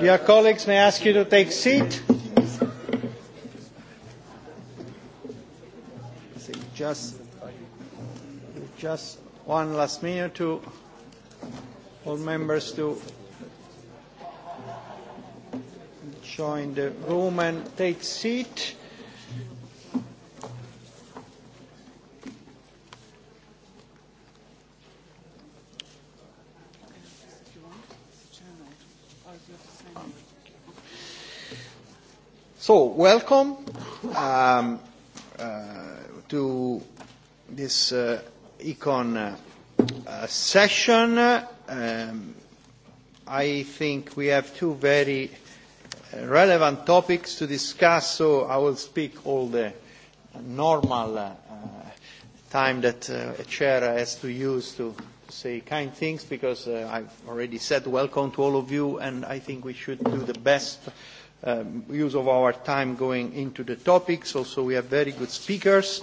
Dear colleagues, may I ask you to take seat? Just, just one last minute to all members to join the room and take seat. welcome um, uh, to this uh, econ uh, uh, session. Um, I think we have two very uh, relevant topics to discuss, so I will speak all the normal uh, time that uh, a chair has to use to say kind things because uh, I've already said welcome to all of you and I think we should do the best uh, um, use of our time going into the topics. Also, we have very good speakers.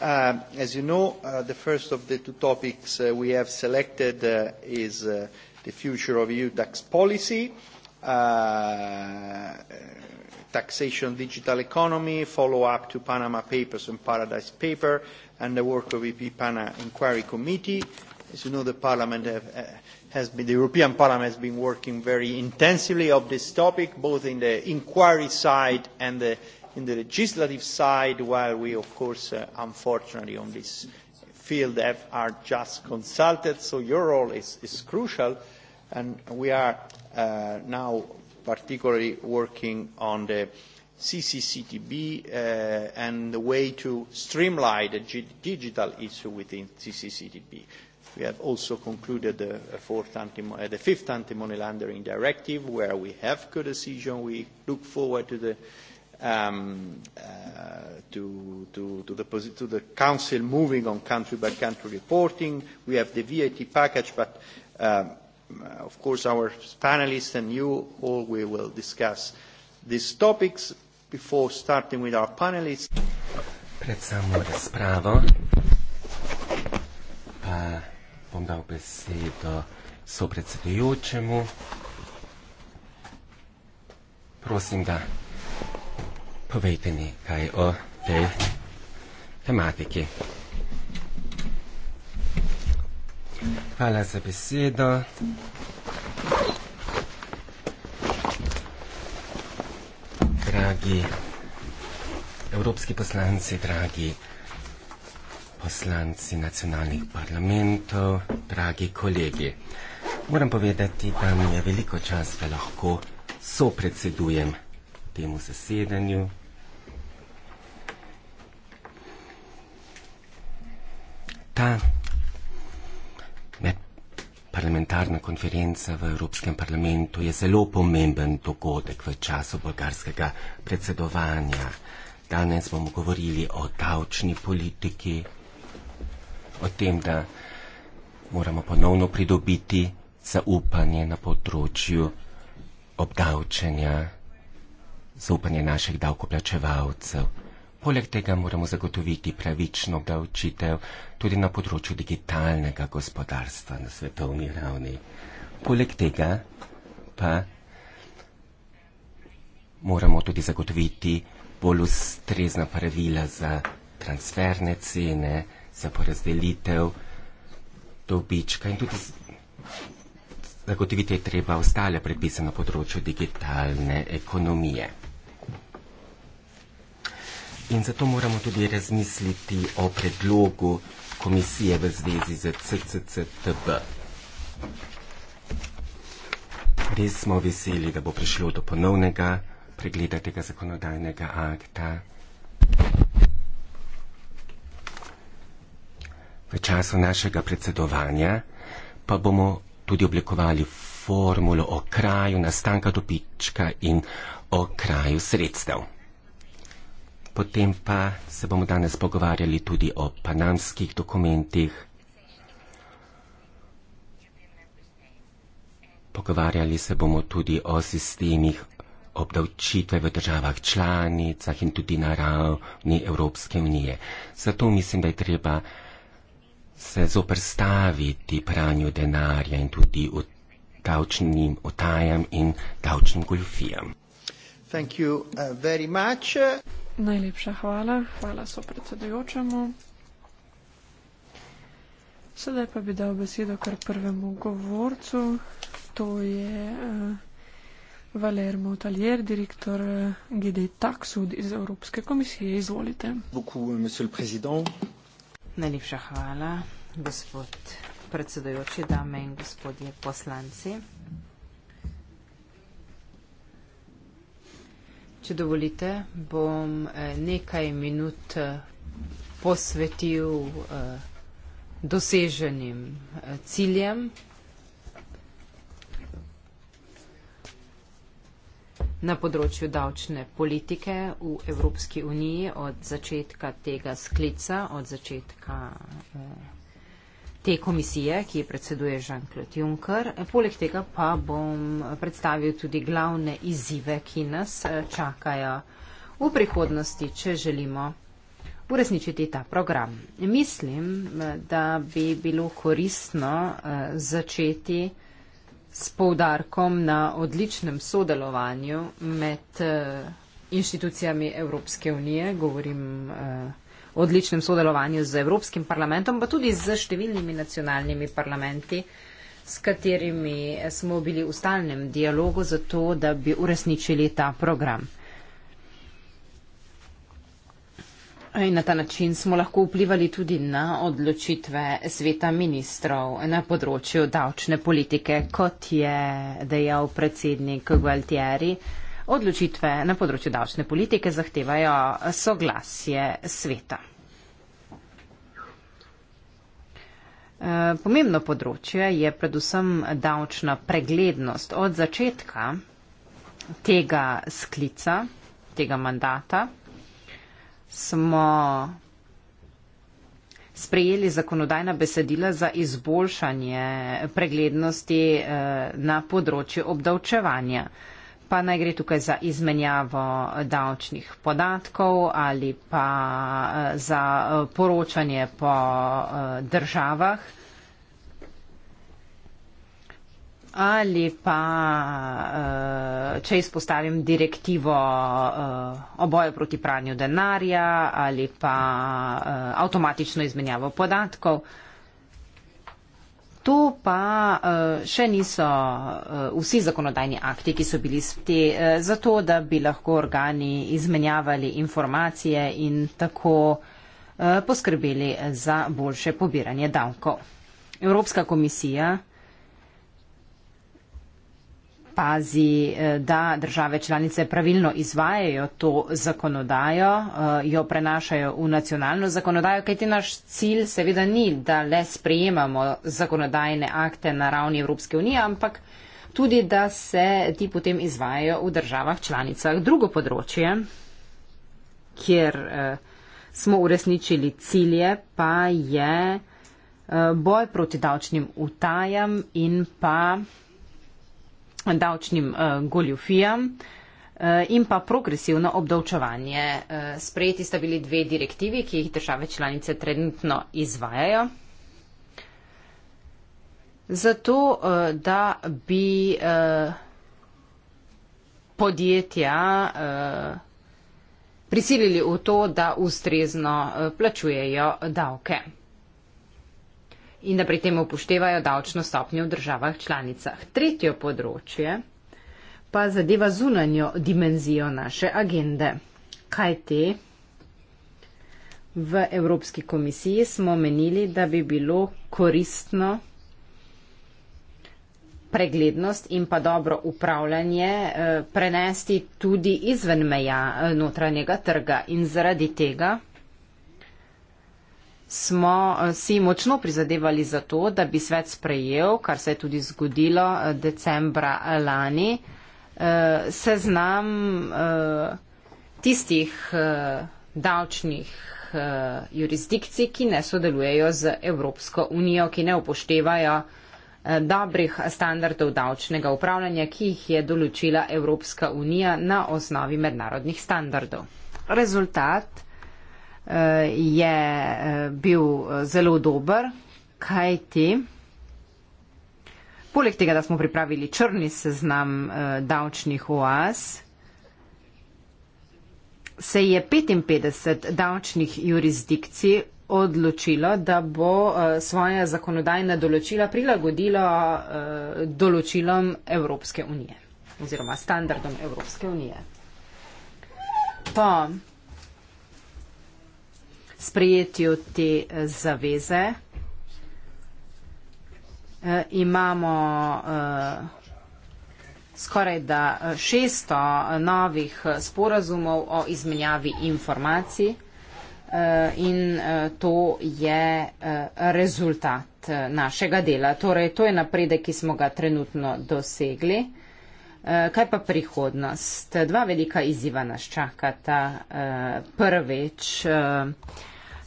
Um, as you know, uh, the first of the two topics uh, we have selected uh, is uh, the future of EU tax policy, uh, taxation digital economy, follow-up to Panama Papers and Paradise Paper, and the work of EP PANA Inquiry Committee. As you know, the Parliament have, uh, has been, the European Parliament has been working very intensively on this topic, both in the inquiry side and the, in the legislative side, while we, of course, uh, unfortunately, on this field have, are just consulted. So your role is, is crucial, and we are uh, now particularly working on the CCCTB uh, and the way to streamline the digital issue within CCCTB we have also concluded the, uh, fourth anti- uh, the fifth anti money laundering directive, where we have co decision. We look forward to the, um, uh, to, to, to, the posi- to the Council moving on country by country reporting. We have the VAT package, but um, of course, our panelists and you all we will discuss these topics before starting with our panelists. Pred samo razpravo, pa bom dal besedo sopredsedujočemu. Prosim ga, povejte mi kaj o tej tematiki. Hvala za besedo. Dragi evropski poslanci, dragi poslanci nacionalnih parlamentov, dragi kolegi. Moram povedati, da mi je veliko čas, da lahko sopredsedujem temu zasedanju. Ta parlamentarna konferenca v Evropskem parlamentu je zelo pomemben dogodek v času bolgarskega predsedovanja. Danes bomo govorili o davčni politiki, o tem, da moramo ponovno pridobiti zaupanje na področju obdavčenja, zaupanje naših davkoplačevalcev. Poleg tega moramo zagotoviti pravično obdavčitev tudi na področju digitalnega gospodarstva na svetovni ravni. Poleg tega pa moramo tudi zagotoviti bolj ustrezna pravila za transferne cene, za porazdelitev dobička in tudi zagotoviti je treba ostale predpise na področju digitalne ekonomije. In zato moramo tudi razmisliti o predlogu komisije v zvezi z CCCTB. Res smo veseli, da bo prišlo do ponovnega pregleda tega zakonodajnega akta. v času našega predsedovanja, pa bomo tudi oblikovali formulo o kraju nastanka dobička in o kraju sredstev. Potem pa se bomo danes pogovarjali tudi o panamskih dokumentih. Pogovarjali se bomo tudi o sistemih obdavčitve v državah članicah in tudi na ravni Evropske unije. Zato mislim, da je treba se zoprstaviti pranju denarja in tudi davčnim otajam in davčnim goljufijam. Thank you uh, very much. Najlepša hvala. Hvala so predsedujočemu. Sedaj pa bi dal besedo kar prvemu govorcu. To je uh, Valer Motalier, direktor uh, GD Taksud iz Evropske komisije. Izvolite. Beaucoup, euh, monsieur le président. Najlepša hvala, gospod predsedojoči, dame in gospodje poslanci. Če dovolite, bom eh, nekaj minut eh, posvetil eh, doseženim ciljem Na področju davčne politike v Evropski uniji od začetka tega sklica, od začetka eh, te komisije, ki je predseduje Jean-Claude Juncker. Poleg tega pa bom predstavil tudi glavne izzive, ki nas eh, čakajo v prihodnosti, če želimo uresničiti ta program. Mislim, eh, da bi bilo koristno začeti s poudarkom na odličnem sodelovanju med eh, inštitucijami Evropske unije, govorim eh, o odličnem sodelovanju z Evropskim parlamentom, pa tudi z številnimi nacionalnimi parlamenti, s katerimi smo bili v stalnem dialogu za to, da bi uresničili ta program. Na ta način smo lahko vplivali tudi na odločitve sveta ministrov na področju davčne politike, kot je dejal predsednik Gualtieri. Odločitve na področju davčne politike zahtevajo soglasje sveta. Eh, pomembno področje je predvsem davčna preglednost. Od začetka tega sklica, tega mandata, smo sprejeli zakonodajna besedila za izboljšanje preglednosti eh, na področju obdavčevanja. Pa naj gre tukaj za izmenjavo davčnih podatkov ali pa eh, za eh, poročanje po državah. ali pa, eh, če izpostavim direktivo eh, o boju proti pranju denarja ali pa eh, avtomatično izmenjavo podatkov. To pa še niso vsi zakonodajni akti, ki so bili sti za to, da bi lahko organi izmenjavali informacije in tako poskrbeli za boljše pobiranje davkov. Evropska komisija pazi, eh, da države članice pravilno izvajajo to zakonodajo, eh, jo prenašajo v nacionalno zakonodajo, kajti naš cilj seveda ni, da le sprejemamo zakonodajne akte na ravni Evropske unije, ampak tudi, da se ti potem izvajajo v državah članicah. Drugo področje, kjer eh, smo uresničili cilje, pa je boj proti davčnim utajam in pa davčnim eh, goljufijam eh, in pa progresivno obdavčevanje. Eh, sprejeti sta bili dve direktivi, ki jih države članice trenutno izvajajo. Zato, da bi podjetja prisilili v to, da ustrezno plačujejo davke in da pri tem upoštevajo davčno stopnjo v državah članicah. Tretje področje pa zadeva zunanjo dimenzijo naše agende. Kaj te? V Evropski komisiji smo menili, da bi bilo koristno preglednost in pa dobro upravljanje eh, prenesti tudi izven meja eh, notranjega trga in zaradi tega smo eh, si močno prizadevali za to, da bi svet sprejel, kar se je tudi zgodilo eh, decembra lani, eh, seznam tistih davčnih jurisdikcij, ki ne sodelujejo z Evropsko unijo, ki ne upoštevajo dobrih standardov davčnega upravljanja, ki jih je določila Evropska unija na osnovi mednarodnih standardov. Rezultat je eh, bil eh, zelo dober, kaj ti. Poleg tega, da smo pripravili črni seznam eh, davčnih oaz, se je 55 davčnih jurisdikcij odločilo, da bo svoje zakonodajne določila prilagodilo določilom Evropske unije oziroma standardom Evropske unije. Pa sprejetju te eh, zaveze. Eh, imamo eh, skoraj da 600 novih sporazumov o izmenjavi informacij in to je rezultat našega dela. Torej, to je napredek, ki smo ga trenutno dosegli. Eh, kaj pa prihodnost? Dva velika izziva nas čakata. Eh, prvič, eh,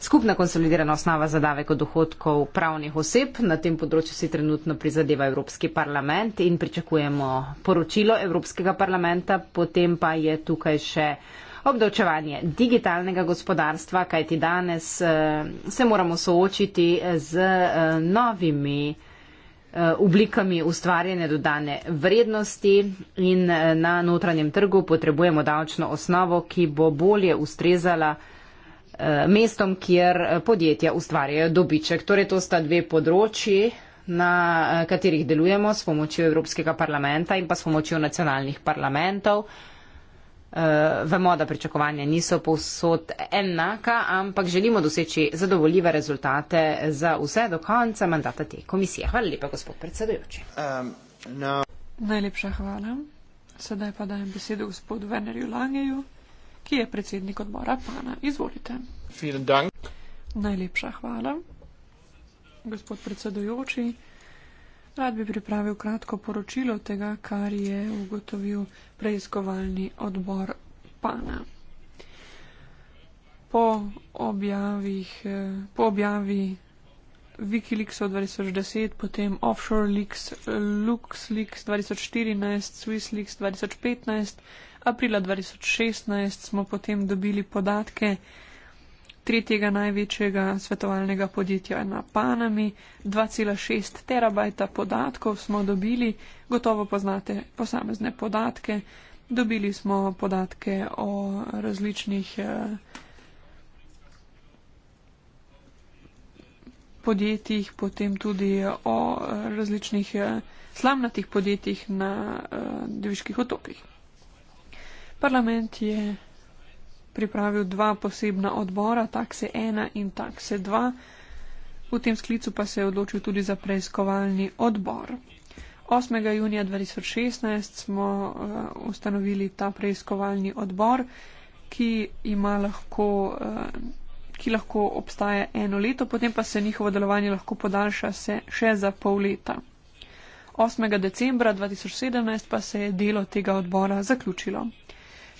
skupna konsolidirana osnova za davek od dohodkov pravnih oseb. Na tem področju si trenutno prizadeva Evropski parlament in pričakujemo poročilo Evropskega parlamenta. Potem pa je tukaj še. Obdavčevanje digitalnega gospodarstva, kajti danes se moramo soočiti z novimi Eh, oblikami ustvarjene dodane vrednosti in eh, na notranjem trgu potrebujemo davčno osnovo, ki bo bolje ustrezala eh, mestom, kjer podjetja ustvarjajo dobiček. Torej, to sta dve področji, na katerih delujemo s pomočjo Evropskega parlamenta in pa s pomočjo nacionalnih parlamentov. Uh, vemo, da pričakovanja niso povsod enaka, ampak želimo doseči zadovoljive rezultate za vse do konca mandata te komisije. Hvala lepa, gospod predsedujoči. Um, no. Najlepša hvala. Sedaj pa dajem besedo gospodu Venerju Langeju, ki je predsednik odbora PANA. Izvolite. Najlepša hvala, gospod predsedujoči. Rad bi pripravil kratko poročilo tega, kar je ugotovil preiskovalni odbor PANA. Po, objavih, eh, po objavi Wikileaks 2010, potem Offshore Leaks, LuxLeaks 2014, SwissLeaks 2015, aprila 2016 smo potem dobili podatke, tretjega največjega svetovalnega podjetja na Panami. 2,6 terabajta podatkov smo dobili, gotovo poznate posamezne podatke. Dobili smo podatke o različnih eh, podjetjih, potem tudi o eh, različnih eh, slamnatih podjetjih na deviških otokih. Parlament je pripravil dva posebna odbora, takse 1 in takse 2. V tem sklicu pa se je odločil tudi za preiskovalni odbor. 8. junija 2016 smo uh, ustanovili ta preiskovalni odbor, ki ima lahko. Uh, ki lahko obstaja eno leto, potem pa se njihovo delovanje lahko podaljša še za pol leta. 8. decembra 2017 pa se je delo tega odbora zaključilo.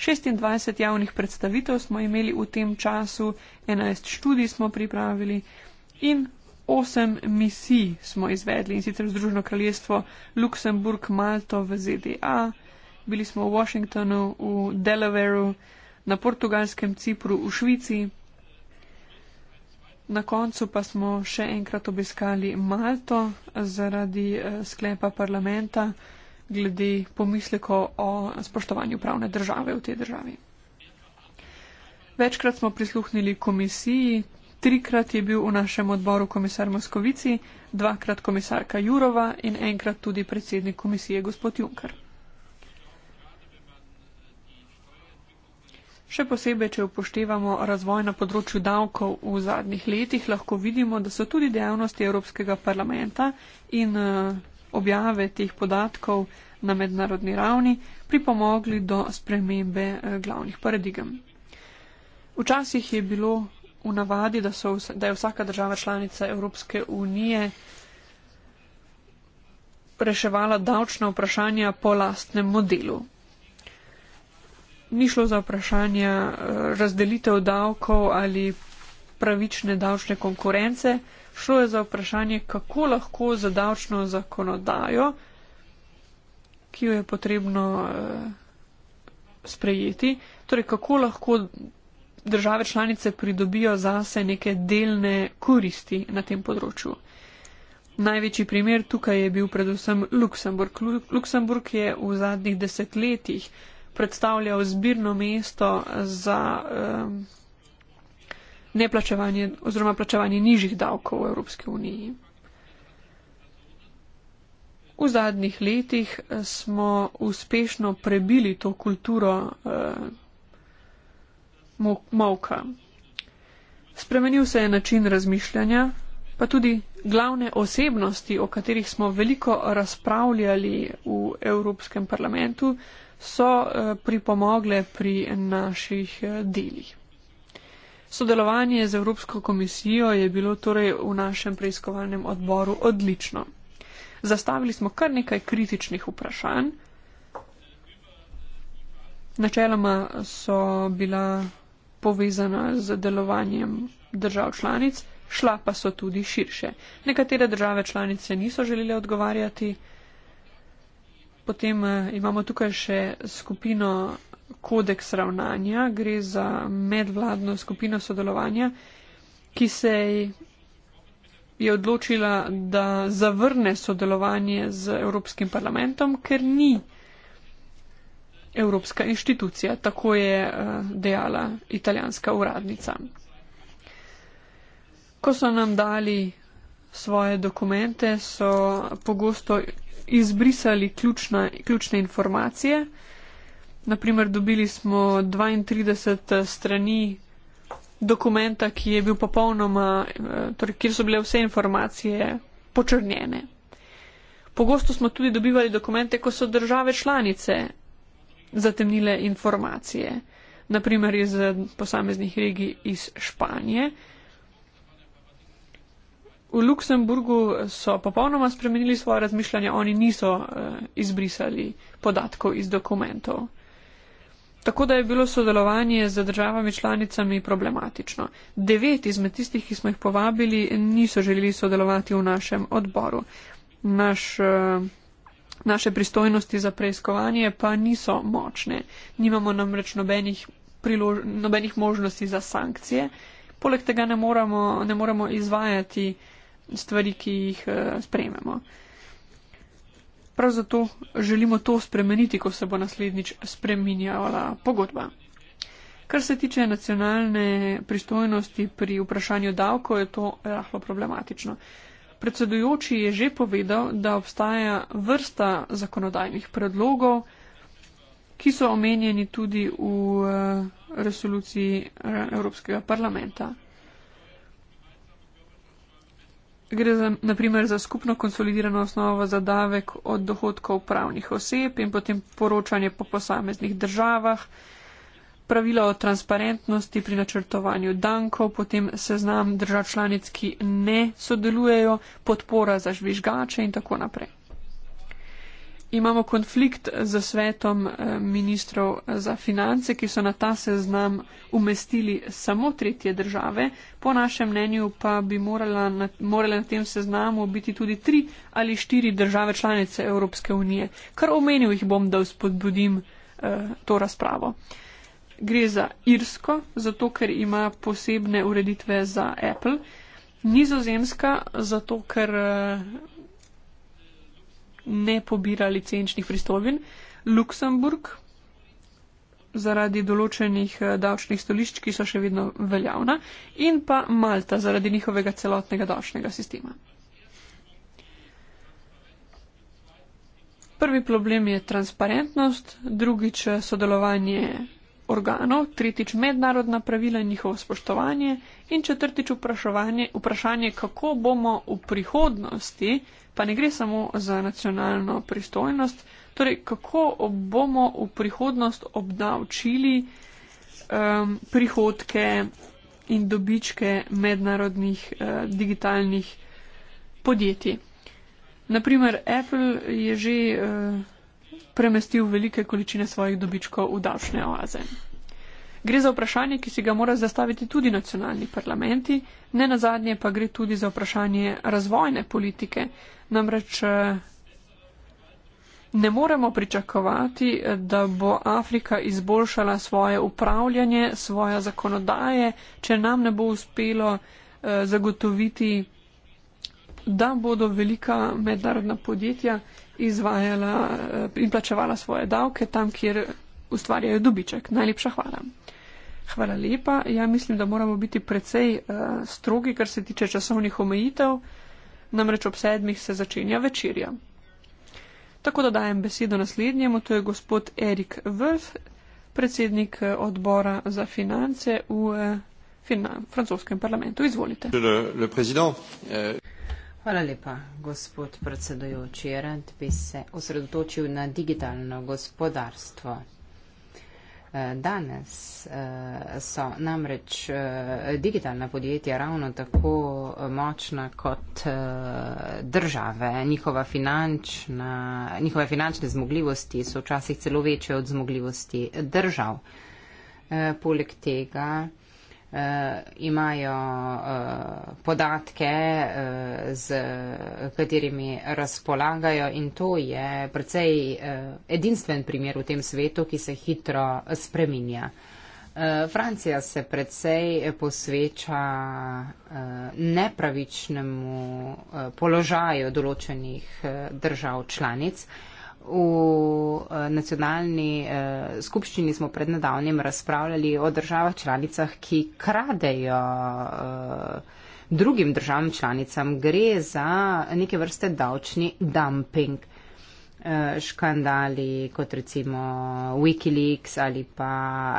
26 javnih predstavitev smo imeli v tem času, 11 študij smo pripravili in 8 misij smo izvedli in sicer Združeno kraljestvo, Luksemburg, Malto v ZDA, bili smo v Washingtonu, v Delawareu, na portugalskem Cipru, v Švici. Na koncu pa smo še enkrat obiskali Malto zaradi eh, sklepa parlamenta, glede pomisleko o spoštovanju pravne države v tej državi. Večkrat smo prisluhnili komisiji, trikrat je bil v našem odboru komisar Moskovici, dvakrat komisarka Jurova in enkrat tudi predsednik komisije gospod Juncker. Še posebej, če upoštevamo razvoj na področju davkov v zadnjih letih, lahko vidimo, da so tudi dejavnosti Evropskega parlamenta in eh, objave teh podatkov na mednarodni ravni pripomogli do spremembe eh, glavnih paradigem. Včasih je bilo v navadi, da, so, da je vsaka država članica Evropske unije reševala davčna vprašanja po lastnem modelu. Ni šlo za vprašanje eh, razdelitev davkov ali pravične davčne konkurence, šlo je za vprašanje, kako lahko za davčno zakonodajo, ki jo je potrebno eh, sprejeti, torej kako lahko države članice pridobijo zase neke delne koristi na tem področju. Največji primer tukaj je bil predvsem Luksemburg. Luksemburg je v zadnjih desetletjih predstavljal zbirno mesto za. Um, neplačevanje oziroma plačevanje nižjih davkov v Evropski uniji. V zadnjih letih eh, smo uspešno prebili to kulturo eh, mavka. Spremenil se je način razmišljanja, pa tudi glavne osebnosti, o katerih smo veliko razpravljali v Evropskem parlamentu, so eh, pripomogle pri naših eh, delih. Sodelovanje z Evropsko komisijo je bilo torej v našem preiskovalnem odboru odlično. Zastavili smo kar nekaj kritičnih vprašanj. Načeloma so bila povezana z delovanjem držav članic, šla pa so tudi širše. Nekatere države članice niso želeli odgovarjati. Potem eh, imamo tukaj še skupino kodeks ravnanja, gre za medvladno skupino sodelovanja, ki se je odločila, da zavrne sodelovanje z Evropskim parlamentom, ker ni Evropska inštitucija, tako je eh, dejala italijanska uradnica. Ko so nam dali svoje dokumente, so pogosto izbrisali ključna, ključne informacije, Naprimer, dobili smo 32 eh, strani dokumenta, ki je bil popolnoma, eh, torej, kjer so bile vse informacije počrnjene. Pogosto smo tudi dobivali dokumente, ko so države članice zatemnile informacije, naprimer iz eh, posameznih regij iz Španije. V Luksemburgu so popolnoma spremenili svoje razmišljanje, oni niso izbrisali podatkov iz dokumentov. Tako da je bilo sodelovanje z državami članicami problematično. Devet izmed tistih, ki smo jih povabili, niso želeli sodelovati v našem odboru. Naš, eh, naše pristojnosti za preiskovanje pa niso močne. Nimamo namreč nobenih, prilož, nobenih možnosti za sankcije. Poleg tega ne moramo, ne moramo izvajati stvari, ki jih eh, sprejmemo prav zato želimo to spremeniti, ko se bo naslednjič spreminjala pogodba. Kar se tiče nacionalne pristojnosti pri vprašanju davko, je to lahko problematično. Predsedujoči je že povedal, da obstaja vrsta zakonodajnih predlogov, ki so omenjeni tudi v eh, resoluciji eh, Evropskega parlamenta. Gre za, naprimer za skupno konsolidirano osnovo za davek od dohodkov pravnih oseb in potem poročanje po posameznih državah, pravila o transparentnosti pri načrtovanju dankov, potem seznam držav članic, ki ne sodelujejo, podpora za žvižgače in tako naprej imamo konflikt z svetom eh, ministrov eh, za finance, ki so na ta seznam umestili samo tretje države. Po našem mnenju pa bi morala na, morala na tem seznamu biti tudi tri ali štiri države članice Evropske unije. Kar omenil jih bom, da vzpodbudim eh, to razpravo. Gre za Irsko, zato ker ima posebne ureditve za Apple. Nizozemska, zato ker. Eh, ne pobira licenčnih pristovin. Luksemburg zaradi določenih eh, davčnih stolišč, ki so še vedno veljavna, in pa Malta zaradi njihovega celotnega davčnega sistema. Prvi problem je transparentnost, drugič eh, sodelovanje organov, tretjič mednarodna pravila in njihovo spoštovanje in četrtič vprašanje, vprašanje, kako bomo v prihodnosti pa ne gre samo za nacionalno pristojnost. Torej, kako bomo v prihodnost obdavčili um, prihodke in dobičke mednarodnih uh, digitalnih podjetij? Naprimer, Apple je že uh, premestil velike količine svojih dobičkov v davčne oaze. Gre za vprašanje, ki si ga mora zastaviti tudi nacionalni parlamenti, ne nazadnje pa gre tudi za vprašanje razvojne politike. Namreč eh, ne moremo pričakovati, eh, da bo Afrika izboljšala svoje upravljanje, svoje zakonodaje, če nam ne bo uspelo eh, zagotoviti, da bodo velika mednarodna podjetja izvajala in plačevala svoje davke tam, kjer ustvarjajo dobiček. Najlepša hvala. Hvala lepa. Ja, mislim, da moramo biti precej uh, strogi, kar se tiče časovnih omejitev. Namreč ob sedmih se začenja večerja. Tako da dajem besedo naslednjemu, to je gospod Erik Vrf, predsednik eh, odbora za finance v uh, eh, fina, francoskem parlamentu. Izvolite. Hvala lepa, gospod predsedujoči. Rand bi se osredotočil na digitalno gospodarstvo danes. Eh, so namreč eh, digitalna podjetja ravno tako močna kot eh, države. Njihova finančna, njihove finančne zmogljivosti so včasih celo večje od zmogljivosti držav. Poleg tega uh, imajo uh, podatke, uh, z katerimi razpolagajo in to je precej uh, edinstven primer v tem svetu, ki se hitro spreminja. Francija se predvsej posveča nepravičnemu položaju določenih držav članic. V eh, nacionalni eh, skupščini smo pred nedavnim razpravljali o državah članicah, ki kradejo eh, drugim državam članicam. Gre za neke vrste davčni dumping. Eh, škandali kot recimo Wikileaks ali pa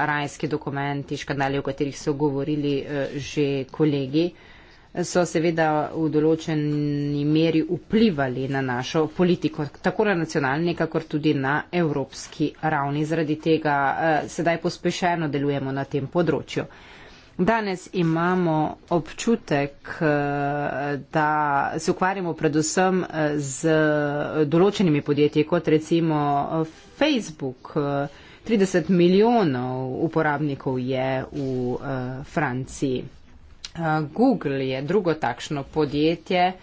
rajski dokumenti, škandali, o katerih so govorili eh, že kolegi. Eh, so seveda v določeni meri vplivali na našo politiko, tako na nacionalni, kakor tudi na evropski ravni. Zaradi tega eh, sedaj pospešeno delujemo na tem področju. Danes imamo občutek, eh, da se ukvarjamo predvsem eh, z določenimi podjetji, kot recimo Facebook. 30 milijonov uporabnikov je v Franciji. Google je drugo takšno podjetje,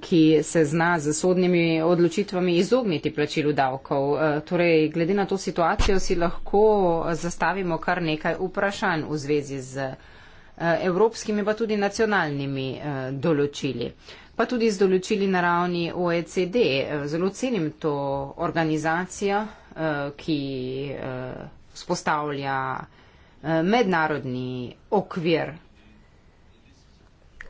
ki se zna z sodnimi odločitvami izogniti plačilu davkov. Torej, glede na to situacijo si lahko zastavimo kar nekaj vprašanj v zvezi z evropskimi, pa tudi nacionalnimi določili. Pa tudi z določili na ravni OECD. Zelo cenim to organizacijo, ki spostavlja mednarodni okvir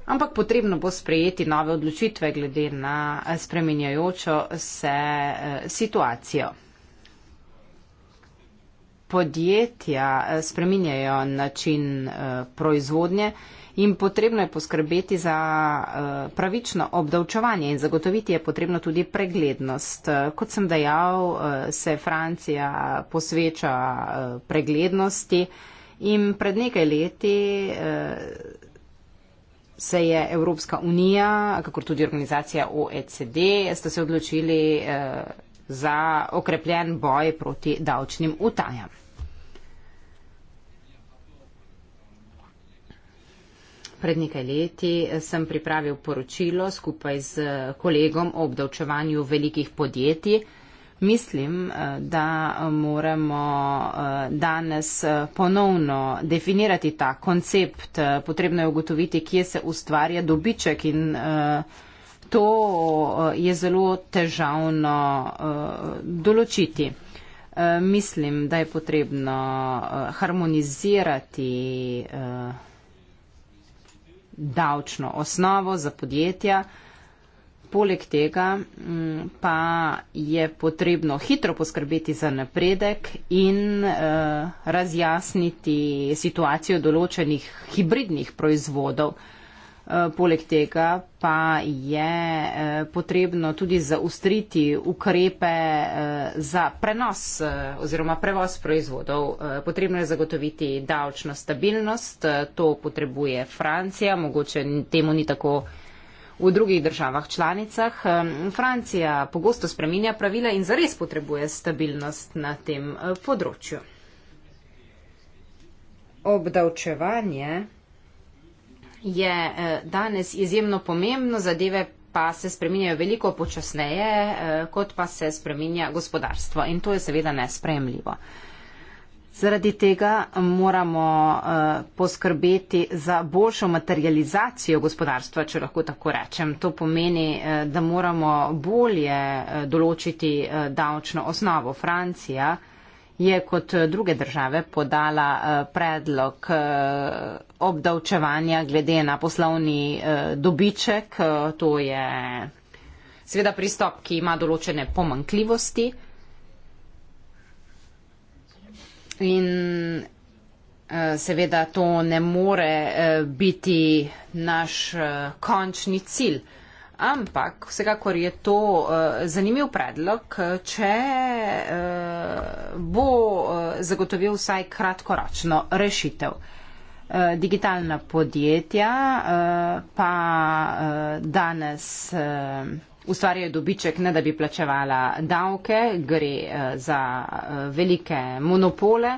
ampak potrebno bo sprejeti nove odločitve glede na eh, spreminjajočo se eh, situacijo. Podjetja eh, spreminjajo način proizvodnje in potrebno je poskrbeti za pravično obdavčevanje in zagotoviti je potrebno tudi preglednost. Kot sem dejal, se Francija posveča preglednosti in pred nekaj leti se je Evropska unija, kakor tudi organizacija OECD, sta se odločili eh, za okrepljen boj proti davčnim utajam. Pred nekaj leti eh, sem pripravil poročilo skupaj z kolegom o obdavčevanju velikih podjetij mislim, eh, da moramo eh, danes eh, ponovno definirati ta koncept. Potrebno je ugotoviti, kje se ustvarja dobiček in to je zelo težavno določiti. Mislim, da je potrebno harmonizirati davčno osnovo za podjetja Poleg tega mm, pa je potrebno hitro poskrbeti za napredek in eh, razjasniti situacijo določenih hibridnih proizvodov. Eh, poleg tega pa je eh, potrebno tudi zaustriti ukrepe za prenos oziroma prevoz proizvodov. Potrebno je zagotoviti davčno stabilnost, to potrebuje Francija, mogoče temu ni tako v drugih državah članicah. Francija pogosto spreminja pravila in zares potrebuje stabilnost na tem eh, področju. Obdavčevanje je eh, danes izjemno pomembno, zadeve pa se spreminjajo veliko počasneje, eh, kot pa se spreminja gospodarstvo. In to je seveda nespremljivo. Zaradi tega moramo eh, poskrbeti za boljšo materializacijo gospodarstva, če lahko tako rečem. To pomeni, eh, da moramo bolje eh, določiti davčno osnovo. Francija je kot druge države podala predlog obdavčevanja glede na poslovni dobiček. To je seveda pristop, ki ima določene pomankljivosti. in eh, seveda to ne more eh, biti naš eh, končni cilj. Ampak vsekakor je to zanimiv predlog, če bo zagotovil vsaj kratkoročno rešitev. Digitalna podjetja pa danes ustvarjajo dobiček, ne da bi plačevala davke, gre eh, za eh, velike monopole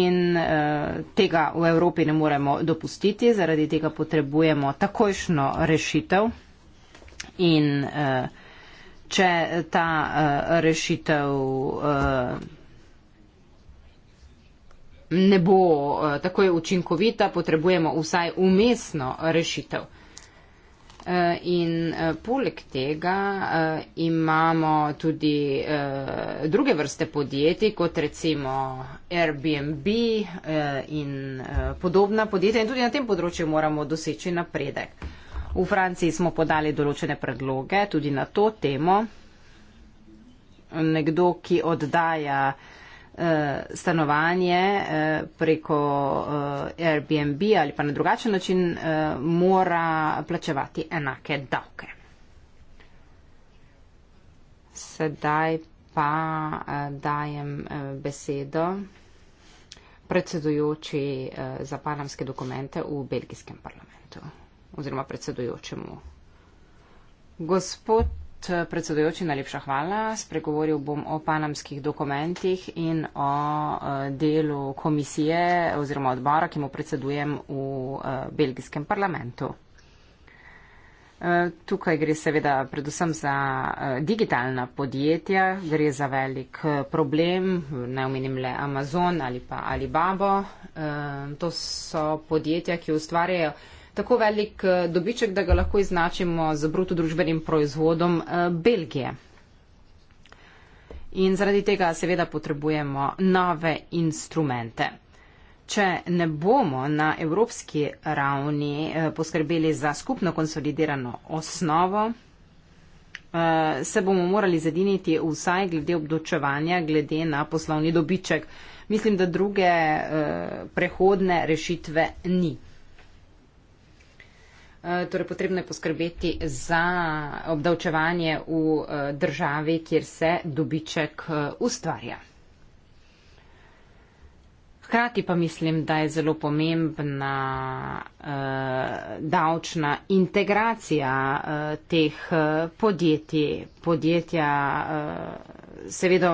in eh, tega v Evropi ne moremo dopustiti, zaradi tega potrebujemo takojšno rešitev. In če ta rešitev ne bo takoj učinkovita, potrebujemo vsaj umestno rešitev. Eh, in eh, poleg tega eh, imamo tudi druge vrste podjetij, kot recimo Airbnb in podobna podjetja. In tudi na tem področju moramo doseči napredek. V Franciji smo podali določene predloge tudi na to temo. Nekdo, ki oddaja Eh, stanovanje eh, preko eh, Airbnb ali pa na drugačen način mora plačevati enake davke. Sedaj pa dajem besedo predsedujoči za panamske dokumente v belgijskem parlamentu oziroma predsedujočemu. Gospod Eh, predsedujoči, najlepša hvala. Spregovoril bom o panamskih dokumentih in o eh, delu komisije oziroma odbora, ki mu predsedujem v eh, belgijskem parlamentu. Tukaj gre seveda predvsem za digitalna podjetja, gre za velik problem, naj omenim le Amazon ali pa Alibaba. To so podjetja, ki ustvarjajo tako velik eh, dobiček, da ga lahko iznačimo z bruto družbenim proizvodom eh, Belgije. In zaradi tega seveda potrebujemo nove instrumente. Če ne bomo na evropski ravni eh, poskrbeli za skupno konsolidirano osnovo, se bomo morali zediniti vsaj glede obdočevanja, glede na poslovni dobiček. Mislim, da druge prehodne rešitve ni. Eh, torej, potrebno je poskrbeti za obdavčevanje v eh, državi, kjer se dobiček eh, ustvarja. Hkrati pa mislim, da je zelo pomembna davčna integracija teh podjetij. Podjetja seveda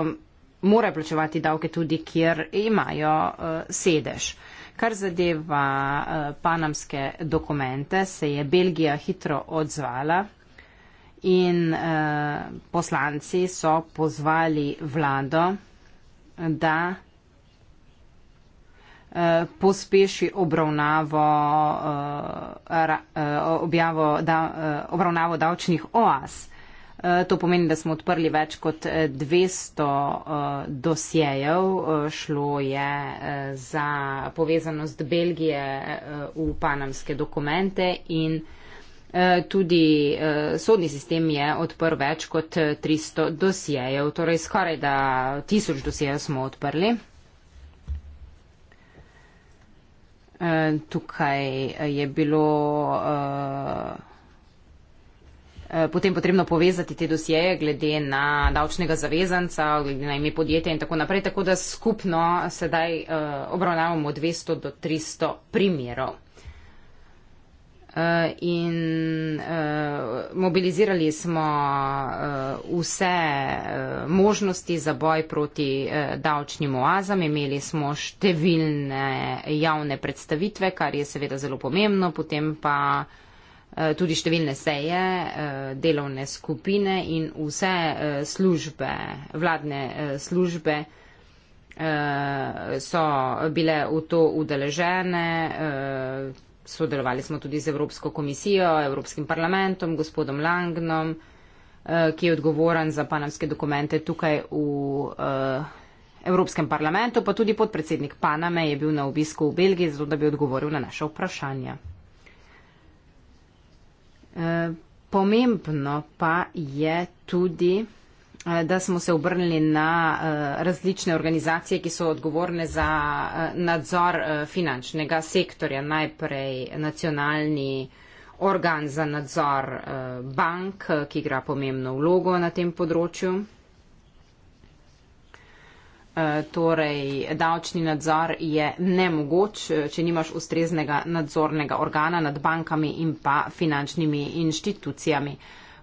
mora plačevati davke tudi, kjer imajo sedež. Kar zadeva eh, panamske dokumente, se je Belgija hitro odzvala in eh, poslanci so pozvali vlado, da eh, pospeši obravnavo, objavo, da, obravnavo davčnih oas. Eh, to pomeni, da smo odprli več kot 200 eh, eh, dosjejev. Šlo je za povezanost Belgije v panamske dokumente in tudi sodni sistem je odprl več kot 300 dosjejev. Torej skoraj da tisoč dosjejev smo odprli. Tukaj je bilo. Eh, potem potrebno povezati te dosjeje glede na davčnega zavezanca, glede na ime podjetja in tako naprej. Tako da skupno sedaj eh, obravnavamo 200 do 300 primerov. Eh, in mobilizirali smo vse možnosti za boj proti davčnim oazam. Imeli smo številne javne predstavitve, kar je seveda zelo pomembno, potem pa. Eh, tudi številne seje, eh, delovne skupine in vse eh, službe, vladne službe so bile v to udeležene. Sodelovali smo tudi z Evropsko komisijo, Evropskim parlamentom, gospodom Langnom, ki je odgovoren za panamske dokumente tukaj v Evropskem parlamentu, pa tudi podpredsednik Paname je bil na obisku v Belgiji, zato da bi odgovoril na naše vprašanje. Eh, pomembno pa je tudi, eh, da smo se obrnili na eh, različne organizacije, ki so odgovorne za nadzor finančnega sektorja, najprej nacionalni organ za nadzor bank, ki igra pomembno vlogo na tem področju. Eh, torej davčni nadzor je nemogoč, eh, če nimaš ustreznega nadzornega organa nad bankami in pa finančnimi inštitucijami.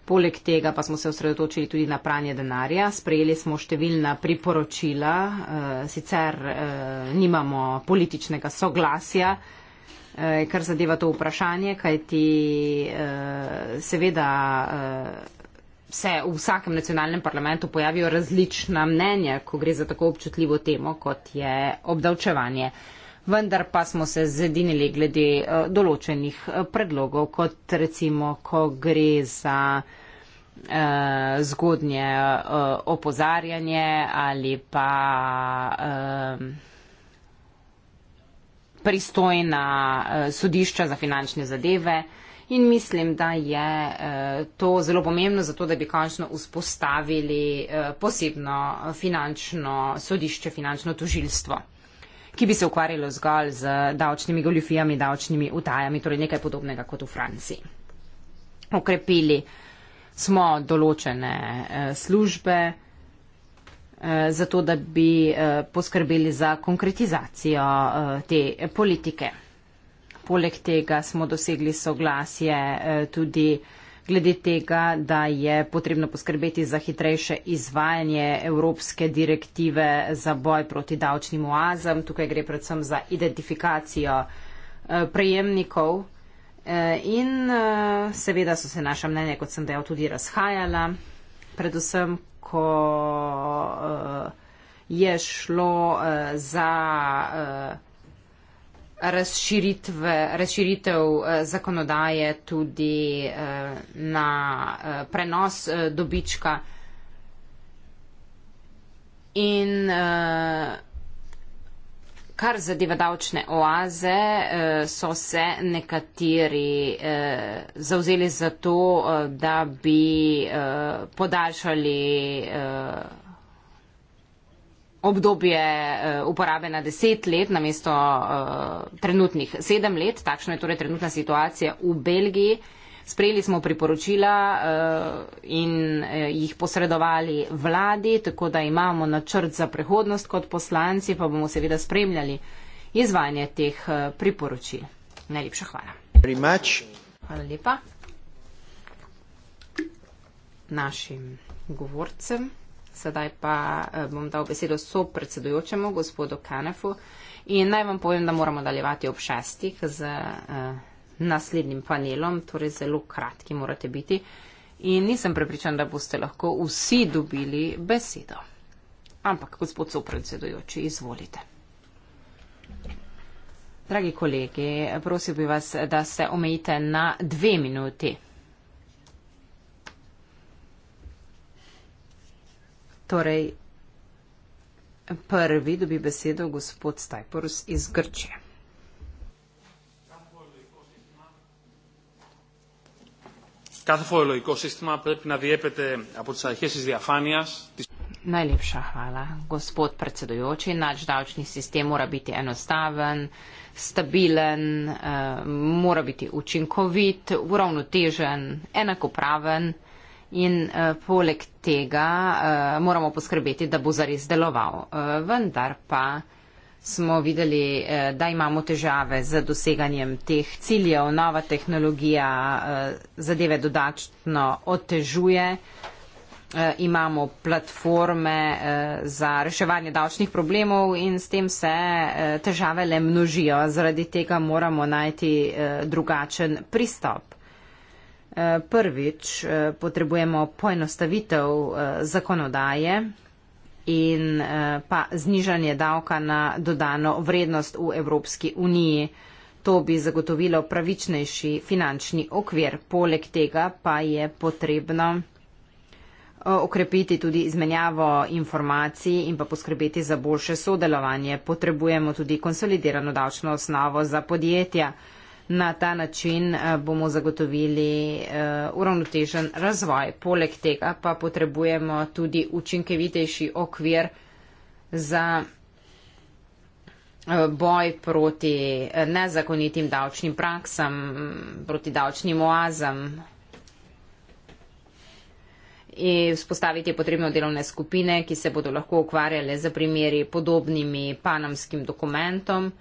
Poleg tega pa smo se osredotočili tudi na pranje denarja. Sprejeli smo številna priporočila, eh, sicer nimamo političnega soglasja, kar zadeva to vprašanje, kajti seveda se v vsakem nacionalnem parlamentu pojavijo različna mnenja, ko gre za tako občutljivo temo, kot je obdavčevanje. Vendar pa smo se zedinili glede eh, določenih eh, predlogov, kot recimo, ko gre za eh, zgodnje opozarjanje ali pa pristojna sodišča za finančne zadeve in mislim, da je eh, to zelo pomembno za to, da bi končno vzpostavili eh, posebno finančno sodišče, finančno tožilstvo, ki bi se ukvarjalo zgolj z davčnimi goljufijami, davčnimi utajami, torej nekaj podobnega kot v Franciji. Okrepili smo določene eh, službe zato, da bi poskrbeli za konkretizacijo te politike. Poleg tega smo dosegli soglasje eh, tudi glede tega, da je potrebno poskrbeti za hitrejše izvajanje Evropske direktive za boj proti davčnim oazam. Tukaj gre predvsem za identifikacijo eh, prejemnikov. Eh, in seveda so se naša mnenja, kot sem dejal, tudi razhajala. Predvsem, ko je šlo za razširitev eh, zakonodaje tudi eh, na eh, prenos dobička. In kar zadeva davčne oaze, so se nekateri zauzeli za to, da bi podaljšali obdobje eh, uporabe na deset let namesto eh, trenutnih sedem let. Takšna je torej trenutna situacija v Belgiji. Sprejeli smo priporočila eh, in jih posredovali vladi, tako da imamo načrt za prihodnost kot poslanci, pa bomo seveda spremljali izvajanje teh priporočil. Najlepša hvala. Hvala lepa našim govorcem. Sedaj pa eh, bom dal besedo so predsedujočemu gospodu Kanefu in naj vam povem, da moramo daljevati ob šestih z uh, naslednjim panelom, torej zelo kratki morate biti in nisem prepričan, da boste lahko vsi dobili besedo. Ampak, gospod so predsedujoči, izvolite. Dragi kolegi, prosil bi vas, da se omejite na dve minuti. Torej, prvi dobi besedo gospod Stajporus iz Grčije. Najlepša hvala, gospod predsedujoči. Naš davčni sistem mora biti enostaven, stabilen, eh, mora biti učinkovit, uravnotežen, enakopraven in uh, poleg tega uh, moramo poskrbeti, da bo zares deloval. Uh, vendar pa smo videli, uh, da imamo težave z doseganjem teh ciljev. Nova tehnologija uh, zadeve dodatno otežuje. Uh, imamo platforme uh, za reševanje davčnih problemov in s tem se uh, težave le množijo. Zaradi tega moramo najti uh, drugačen pristop. Prvič eh, potrebujemo poenostavitev eh, zakonodaje in eh, pa znižanje davka na dodano vrednost v Evropski uniji. To bi zagotovilo pravičnejši finančni okvir. Poleg tega pa je potrebno okrepiti tudi izmenjavo informacij in pa poskrbeti za boljše sodelovanje. Potrebujemo tudi konsolidirano davčno osnovo za podjetja. Na ta način eh, bomo zagotovili eh, uravnotežen razvoj. Poleg tega pa potrebujemo tudi učinkovitejši okvir za eh, boj proti nezakonitim davčnim praksam, proti davčnim oazam. In vzpostaviti je potrebno delovne skupine, ki se bodo lahko ukvarjale za primeri podobnimi panamskim dokumentom.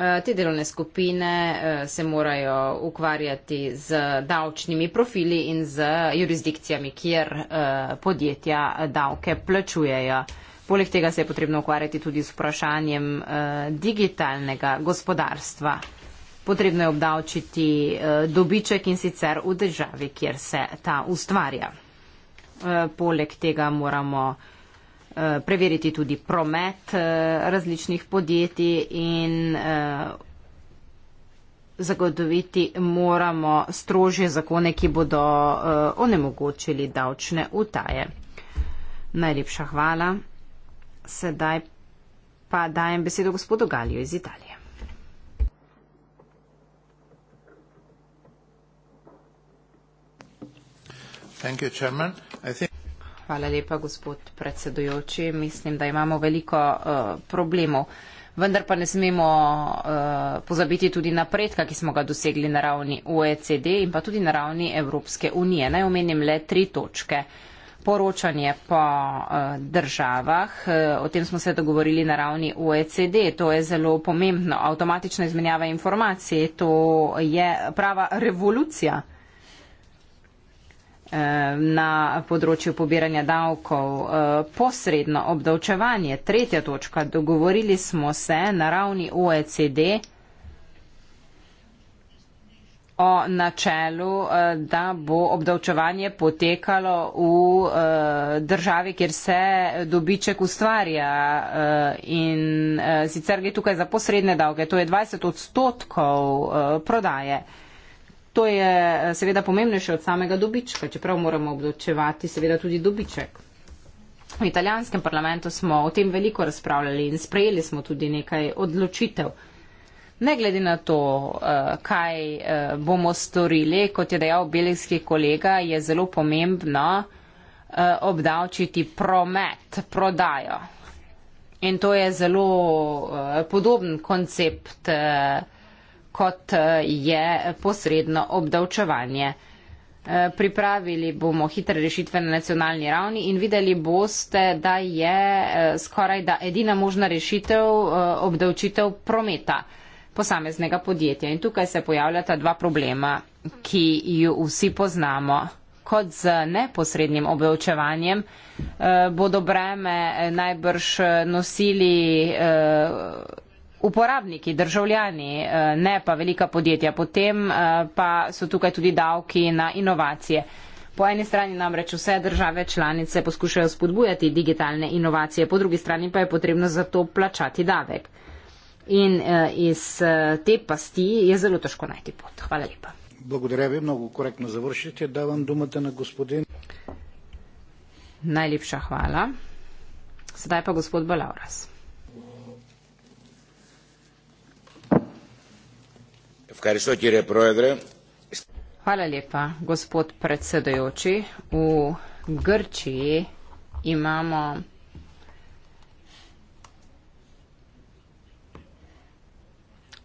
Eh, te delovne skupine eh, se morajo ukvarjati z davčnimi profili in z jurisdikcijami, kjer eh, podjetja davke plačujejo. Poleg tega se je potrebno ukvarjati tudi z vprašanjem digitalnega gospodarstva. Potrebno je obdavčiti dobiček in sicer v državi, kjer se ta ustvarja. Poleg tega moramo Eh, preveriti tudi promet eh, različnih podjetij in eh, zagotoviti moramo strožje zakone, ki bodo onemogočili davčne utaje. Najlepša hvala. Sedaj pa dajem besedo gospodu Galiju iz Italije. Thank you, Chairman. I think... Hvala lepa, gospod predsedujoči. Mislim, da imamo veliko uh, problemov. Vendar pa ne smemo uh, pozabiti tudi napredka, ki smo ga dosegli na ravni OECD in pa tudi na ravni Evropske unije. Naj omenim le tri točke. Poročanje po uh, državah, uh, o tem smo se dogovorili na ravni OECD, to je zelo pomembno. Avtomatična izmenjava informacij, to je prava revolucija. Uh, Eh, na področju pobiranja davkov, eh, posredno obdavčevanje, tretja točka, dogovorili smo se na ravni OECD o načelu, eh, da bo obdavčevanje potekalo v državi, kjer se dobiček ustvarja in sicer gre tukaj za posredne davke, to je 20 odstotkov prodaje to je eh, seveda pomembnejše od samega dobička, čeprav moramo obdočevati seveda tudi dobiček. V italijanskem parlamentu smo o tem veliko razpravljali in sprejeli smo tudi nekaj odločitev. Ne glede na to, eh, kaj eh, bomo storili, kot je dejal belgijski kolega, je zelo pomembno obdavčiti promet, prodajo. In to je zelo podoben koncept kot eh, je posredno obdavčevanje. Eh, pripravili bomo hitre rešitve na nacionalni ravni in videli boste, da je eh, skoraj da edina možna rešitev obdavčitev prometa posameznega podjetja. In tukaj se pojavljata dva problema, ki ju vsi poznamo. Kot z neposrednim obdavčevanjem bodo breme najbrž nosili uporabniki, državljani, eh, ne pa velika podjetja. Potem eh, pa so tukaj tudi davki na inovacije. Po eni strani namreč vse države članice poskušajo spodbujati digitalne inovacije, po drugi strani pa je potrebno za to plačati davek. In eh, iz te pasti je zelo težko najti pot. Hvala lepa. Благодаря ви. Много коректно завършите. Давам думата на господин. Най-липша хвала. Седай па господ Балаурас. Hvala lepa, gospod predsedojoči. V Grčiji imamo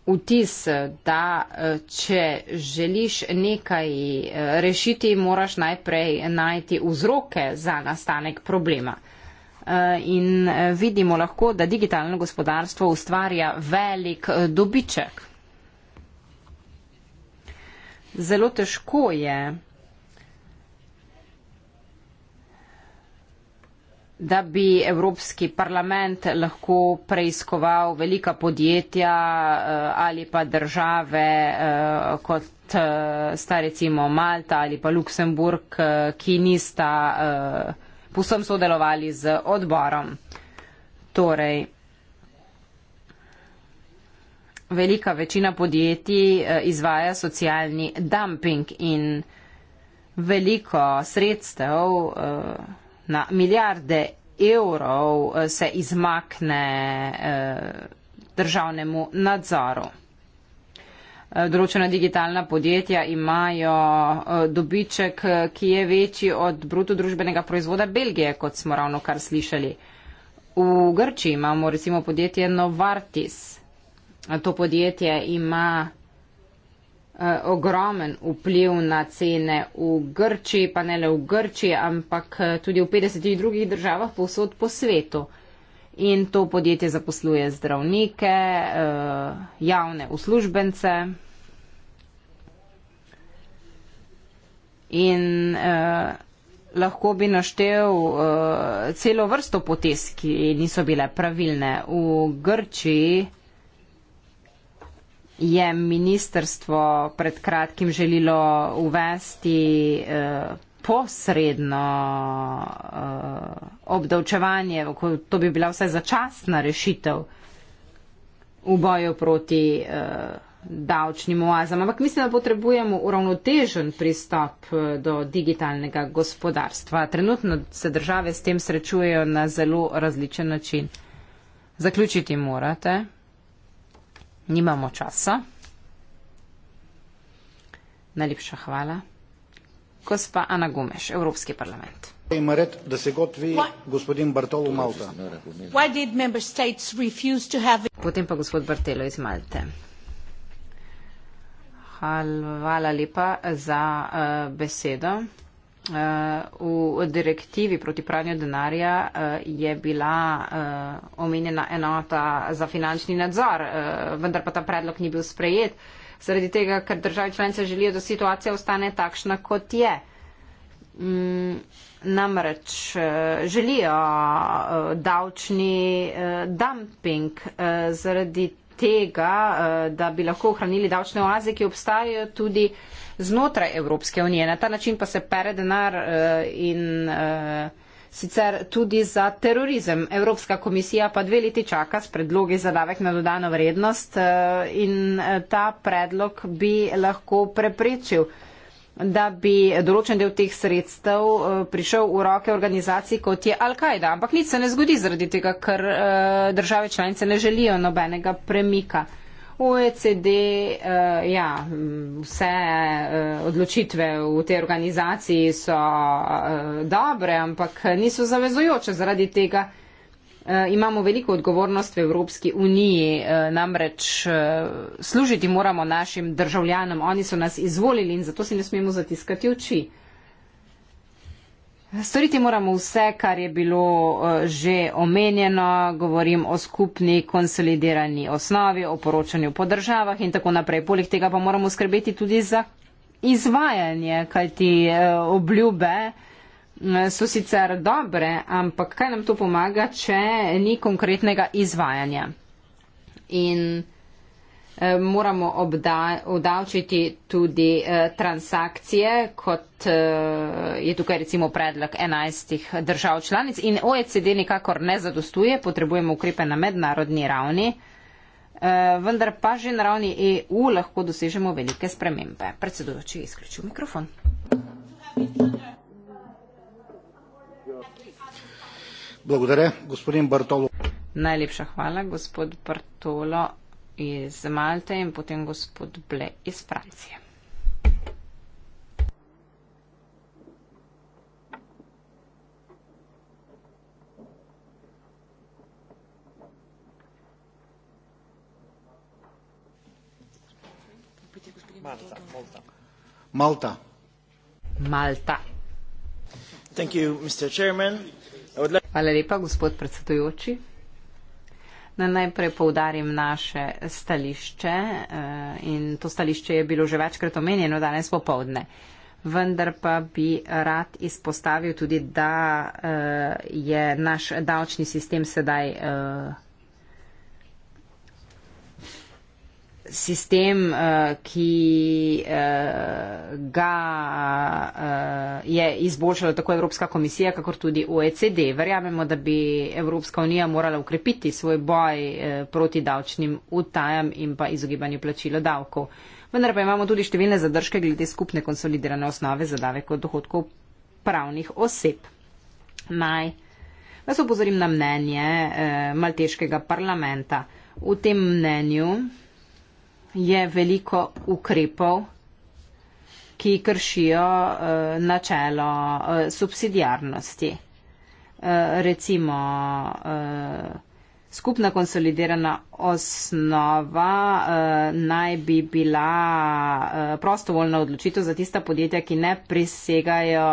vtis, da eh, če želiš nekaj eh, rešiti, moraš najprej najti vzroke za nastanek problema. Eh, in vidimo lahko, da digitalno gospodarstvo ustvarja velik dobiček zelo težko je, da bi Evropski parlament lahko preiskoval velika podjetja eh, ali pa države, eh, kot eh, sta recimo Malta ali pa Luksemburg, ki nista posem sodelovali z odborom. Torej, velika večina podjetij eh, izvaja socialni dumping in veliko sredstev eh, na milijarde evrov eh, se izmakne državnemu nadzoru. Določena digitalna podjetja imajo dobiček, ki je večji od bruto družbenega proizvoda Belgije, kot smo ravno kar slišali. V Grčiji imamo recimo podjetje Novartis, to podjetje ima eh, ogromen vpliv na cene v Grčiji, pa ne le v Grčiji, ampak eh, tudi v 50 drugih državah povsod po svetu. In to podjetje zaposluje zdravnike, eh, javne uslužbence. In eh, lahko bi naštel eh, celo vrsto potez, ki niso bile pravilne. V Grčiji je ministrstvo pred kratkim želilo uvesti eh, posredno eh, obdavčevanje, to bi bila vsaj začasna rešitev v boju proti eh, davčnim oazam. Ampak mislim, da potrebujemo uravnotežen pristop do digitalnega gospodarstva. Trenutno se države s tem srečujejo na zelo različen način. Zaključiti morate nimamo časa. Najlepša hvala. Gospa Ana Gumeš, Evropski parlament. Potem pa gospod Bartelo iz Malte. Hvala lepa za eh, besedo. V direktivi proti pranju denarja eh, je bila eh, omenjena enota za finančni nadzor, eh, vendar pa ta predlog ni bil sprejet, zaradi tega, ker države članice želijo, da situacija ostane takšna, kot je. Mm, namreč želijo davčni dumping zaradi tega, da bi lahko ohranili davčne oaze, ki obstajajo tudi znotraj Evropske unije. Na ta način pa se pere denar eh, in eh, sicer tudi za terorizem. Evropska komisija pa dve leti čaka s predlogi za davek na dodano vrednost eh, in ta predlog bi lahko preprečil da bi določen del teh sredstev prišel v roke organizacij, kot je Al-Qaeda. Ampak nič se ne zgodi zaradi tega, ker države članice ne želijo nobenega premika. OECD, uh, ja, vse uh, odločitve v tej organizaciji so uh, dobre, ampak niso zavezojoče zaradi tega. Imamo veliko odgovornost v Evropski uniji, namreč služiti moramo našim državljanom, oni so nas izvolili in zato si ne smemo zatiskati oči. Storiti moramo vse, kar je bilo eh, že omenjeno, govorim o skupni konsolidirani osnovi, o poročanju po državah in tako naprej. Poleg tega pa moramo skrbeti tudi za izvajanje, kajti eh, obljube mm, so sicer dobre, ampak kaj nam to pomaga, če ni konkretnega izvajanja. In Eh, moramo obdavčiti tudi eh, transakcije, kot eh, je tukaj recimo predlog 11 držav članic in OECD nikakor ne zadostuje, potrebujemo ukrepe na mednarodni ravni, vendar pa že na ravni EU lahko dosežemo velike spremembe. Predsedujoči, izključil mikrofon. Najlepša hvala, gospod Bartolo iz Malte in potem gospod Ble iz Francije. Malta. Malta. Malta. Hvala lepa, gospod predsedujoči. Na najprej povdarim naše stališče eh, in to stališče je bilo že večkrat omenjeno danes popovdne. Vendar pa bi rad izpostavil tudi, da eh, je naš davčni sistem sedaj eh, sistem, eh, ki eh, ga eh, je izboljšala tako Evropska komisija, kakor tudi OECD. Verjamemo, da bi Evropska unija morala ukrepiti svoj boj proti davčnim utajam in pa izogibanju plačila davkov. Vendar pa imamo tudi številne zadržke glede skupne konsolidirane osnove za davek od dohodkov pravnih oseb. Naj vas opozorim na mnenje malteškega parlamenta. V tem mnenju je veliko ukrepov, ki kršijo uh, načelo uh, eh, subsidijarnosti. Uh, eh, recimo, uh, skupna konsolidirana osnova uh, naj bi bila uh, prostovoljna odločitev za tista podjetja, ki ne prisegajo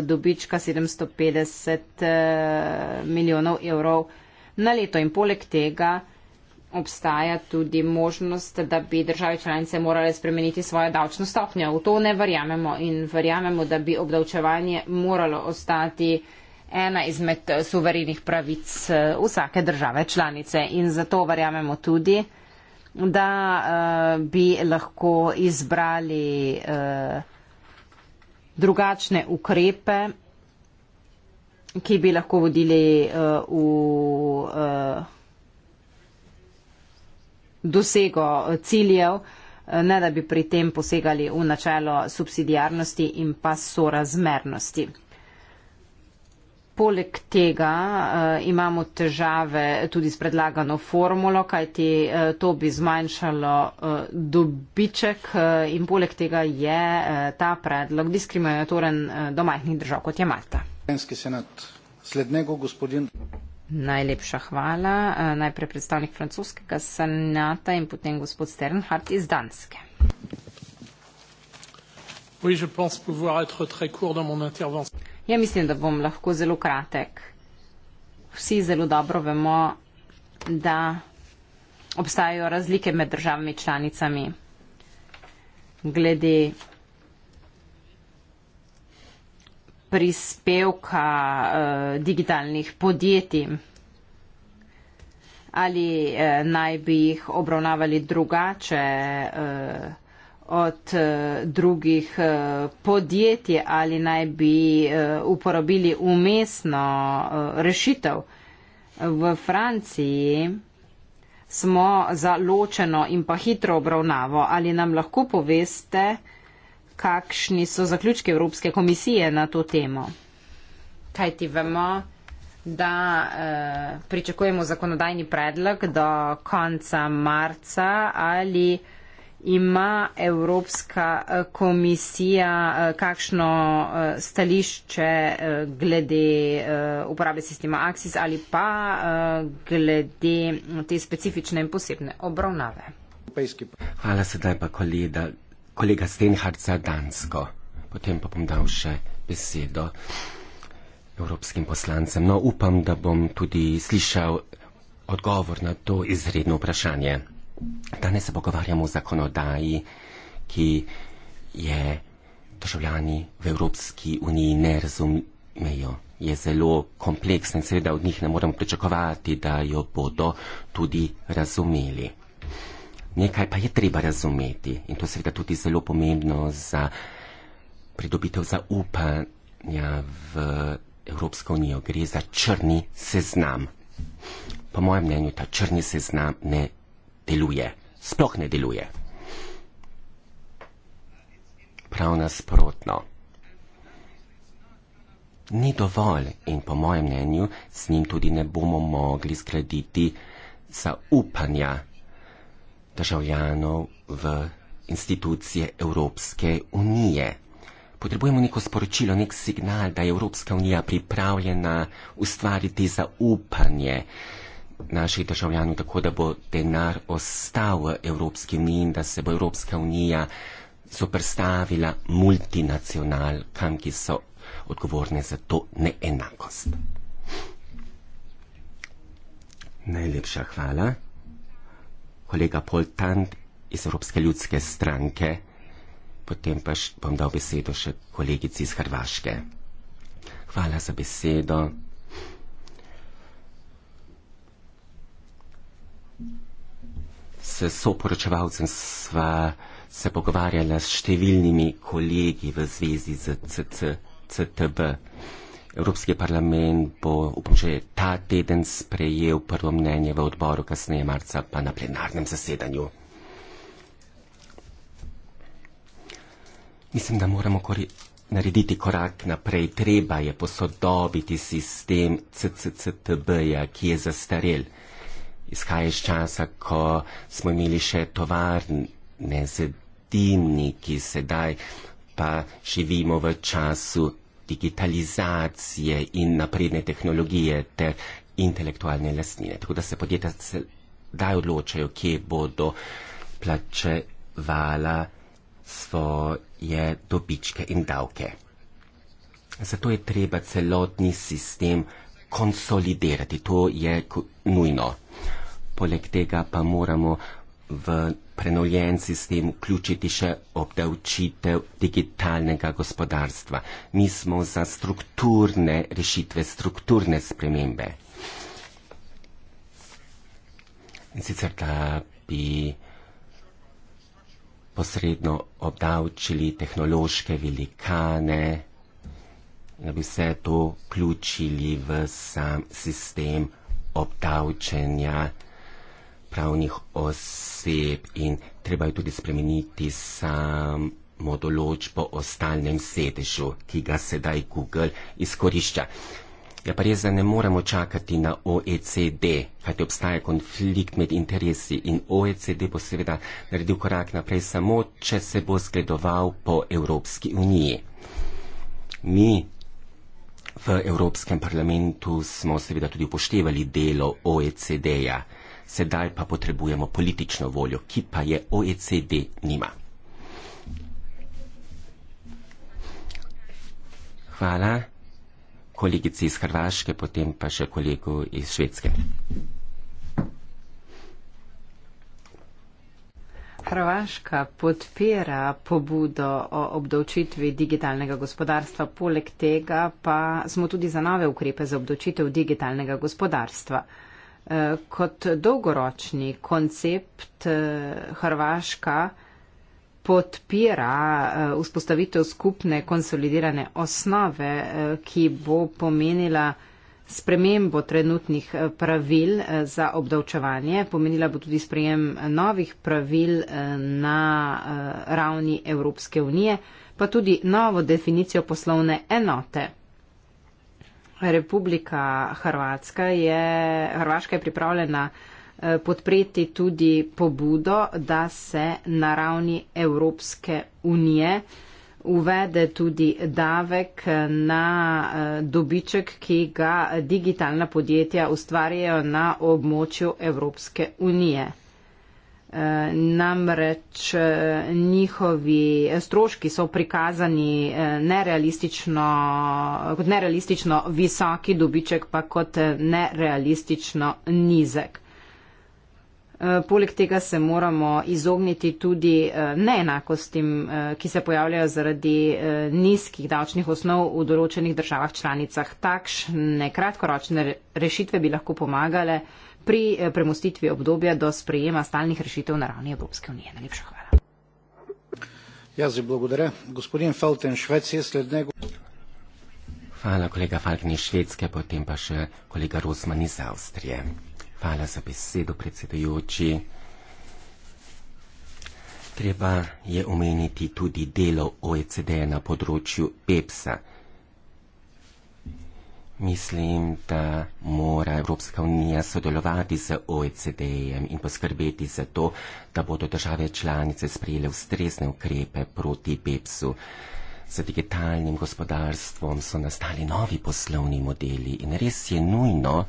dobička 750 uh, milijonov evrov na leto in poleg tega obstaja tudi možnost, da bi države članice morale spremeniti svojo davčno stopnjo. V to ne verjamemo in verjamemo, da bi obdavčevanje moralo ostati ena izmed suverenih pravic eh, vsake države članice in zato verjamemo tudi, da uh, bi lahko izbrali uh, drugačne ukrepe, ki bi lahko vodili uh, v. Uh, dosego ciljev, eh, ne da bi pri tem posegali v načelo subsidijarnosti in pa sorazmernosti. Poleg tega uh, imamo težave tudi s predlagano formulo, kajti uh, to bi zmanjšalo uh, dobiček uh, in poleg tega je uh, ta predlog diskriminatoren uh, do majhnih držav, kot je Malta. Senat, slednjego, gospodin... Najlepša hvala. Eh, najprej predstavnik francoskega senata in potem gospod Sternhardt iz Danske. Oui, je pense pouvoir être très court dans mon intervention. Ja, mislim, da bom lahko zelo kratek. Vsi zelo dobro vemo, da obstajajo razlike med državami članicami glede prispevka uh, digitalnih podjetij? Ali uh, naj bi jih obravnavali drugače uh, od uh, drugih uh, podjetij ali naj bi uh, uporabili umestno uh, rešitev? V Franciji smo za ločeno in pa hitro obravnavo. Ali nam lahko poveste, kakšni so zaključki Evropske komisije na to temo. Kaj ti vemo, da eh, pričakujemo zakonodajni predlog do konca marca ali ima Evropska eh, komisija eh, kakšno eh, stališče eh, glede eh, uporabe sistema Axis ali pa eh, glede te specifične in posebne obravnave. Hvala sedaj pa kolega kolega Stenhardt za Dansko. Potem pa bom dal še besedo evropskim poslancem. No, upam, da bom tudi slišal odgovor na to izredno vprašanje. Danes se pogovarjamo o zakonodaji, ki je državljani v Evropski uniji ne razumejo. Je zelo kompleksna in seveda od njih ne moremo pričakovati, da jo bodo tudi razumeli. Nekaj pa je treba razumeti in to je seveda tudi zelo pomembno za pridobitev zaupanja v Evropsko unijo. Gre za črni seznam. Po mojem mnenju ta črni seznam ne deluje, sploh ne deluje. Prav nasprotno. Ni dovolj in po mojem mnenju s njim tudi ne bomo mogli zgraditi zaupanja državljanov v institucije Evropske unije. Potrebujemo neko sporočilo, nek signal, da je Evropska unija pripravljena ustvariti zaupanje naših državljanov, tako da bo denar ostal v Evropski uniji in da se bo Evropska unija soprstavila multinacional, kam ki so odgovorne za to neenakost. Najlepša hvala kolega Poltant iz Evropske ljudske stranke, potem pa bom dal besedo še kolegici iz Hrvaške. Hvala za besedo. S soporočevalcem sva se pogovarjala s številnimi kolegi v zvezi z CCCTB. CC, Evropski parlament bo že ta teden sprejel prvo mnenje v odboru, kasneje marca pa na plenarnem zasedanju. Mislim, da moramo kori narediti korak naprej. Treba je posodobiti sistem CCCTB-ja, ki je zastarel. Izhaja iz časa, ko smo imeli še tovarne z dimniki, sedaj pa živimo v času digitalizacije in napredne tehnologije ter intelektualne lastnine. Tako da se podjetja sedaj odločajo, kje bodo plačevala svoje dobičke in davke. Zato je treba celotni sistem konsolidirati. To je nujno. Poleg tega pa moramo v prenovljen sistem vključiti še obdavčitev digitalnega gospodarstva. Mi smo za strukturne rešitve, strukturne spremembe. In sicer, da bi posredno obdavčili tehnološke velikane, da bi vse to vključili v sam sistem obdavčenja pravnih oseb in treba je tudi spremeniti samo določbo o stalnem sedežu, ki ga sedaj Google izkorišča. Ja, pa res, da ne moremo čakati na OECD, kajti obstaja konflikt med interesi in OECD bo seveda naredil korak naprej samo, če se bo zgledoval po Evropski uniji. Mi v Evropskem parlamentu smo seveda tudi upoštevali delo OECD-ja. -ja sedaj pa potrebujemo politično voljo, ki pa je OECD nima. Hvala kolegici iz Hrvaške, potem pa še kolegu iz Švedske. Hrvaška podpira pobudo o obdavčitvi digitalnega gospodarstva, poleg tega pa smo tudi za nove ukrepe za obdavčitev digitalnega gospodarstva. Eh, kot dolgoročni koncept eh, Hrvaška podpira eh, vzpostavitev skupne konsolidirane osnove, ki bo pomenila spremembo trenutnih pravil za obdavčevanje, pomenila bo tudi sprejem novih pravil na ravni Evropske unije, pa tudi novo definicijo poslovne enote. Republika Hrvatska je, Hrvaška je pripravljena eh, podpreti tudi pobudo, da se na ravni Evropske unije uvede tudi davek na eh, dobiček, ki ga digitalna podjetja ustvarjajo na območju Evropske unije. Eh, namreč eh, njihovi stroški so prikazani eh, nerealistično, kot nerealistično visoki dobiček, pa kot nerealistično nizek. Poleg tega se moramo izogniti tudi neenakostim, ki se pojavljajo zaradi nizkih davčnih osnov v določenih državah članicah. Takšne kratkoročne rešitve bi lahko pomagale pri eh, premustitvi obdobja do sprejema stalnih rešitev na ravni Evropske unije. Najlepša hvala. Jaz zdaj blagodare. Gospodin Falten, Švec je slednjega. Hvala, kolega Falken iz Švedske, potem pa še kolega Rosman iz Avstrije. Hvala za besedo, predsedujoči. Treba je omeniti tudi delo OECD na področju PEPS-a. Mislim, da mora Evropska unija sodelovati z OECD-jem in poskrbeti za to, da bodo države članice sprejele ustrezne ukrepe proti BEPS-u. Z digitalnim gospodarstvom so nastali novi poslovni modeli in res je nujno,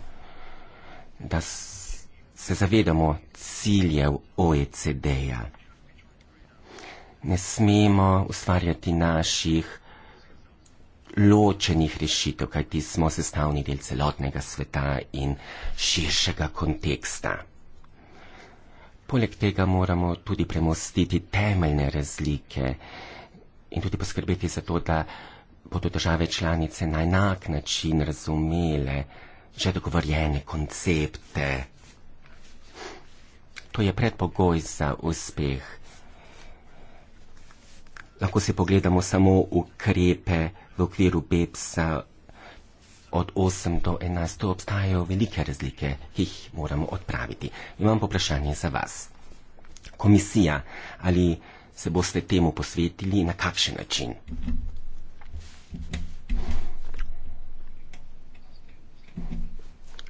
da se zavedamo ciljev OECD-ja. Ne smemo ustvarjati naših ločenih rešitev, kajti smo sestavni del celotnega sveta in širšega konteksta. Poleg tega moramo tudi premostiti temeljne razlike in tudi poskrbeti za to, da bodo države članice na enak način razumele že dogovorjene koncepte. To je predpogoj za uspeh. Lahko si pogledamo samo ukrepe, v okviru BEPS-a od 8 do 11 obstajajo velike razlike, ki jih moramo odpraviti. Imam poprašanje za vas. Komisija, ali se boste temu posvetili na kakšen način?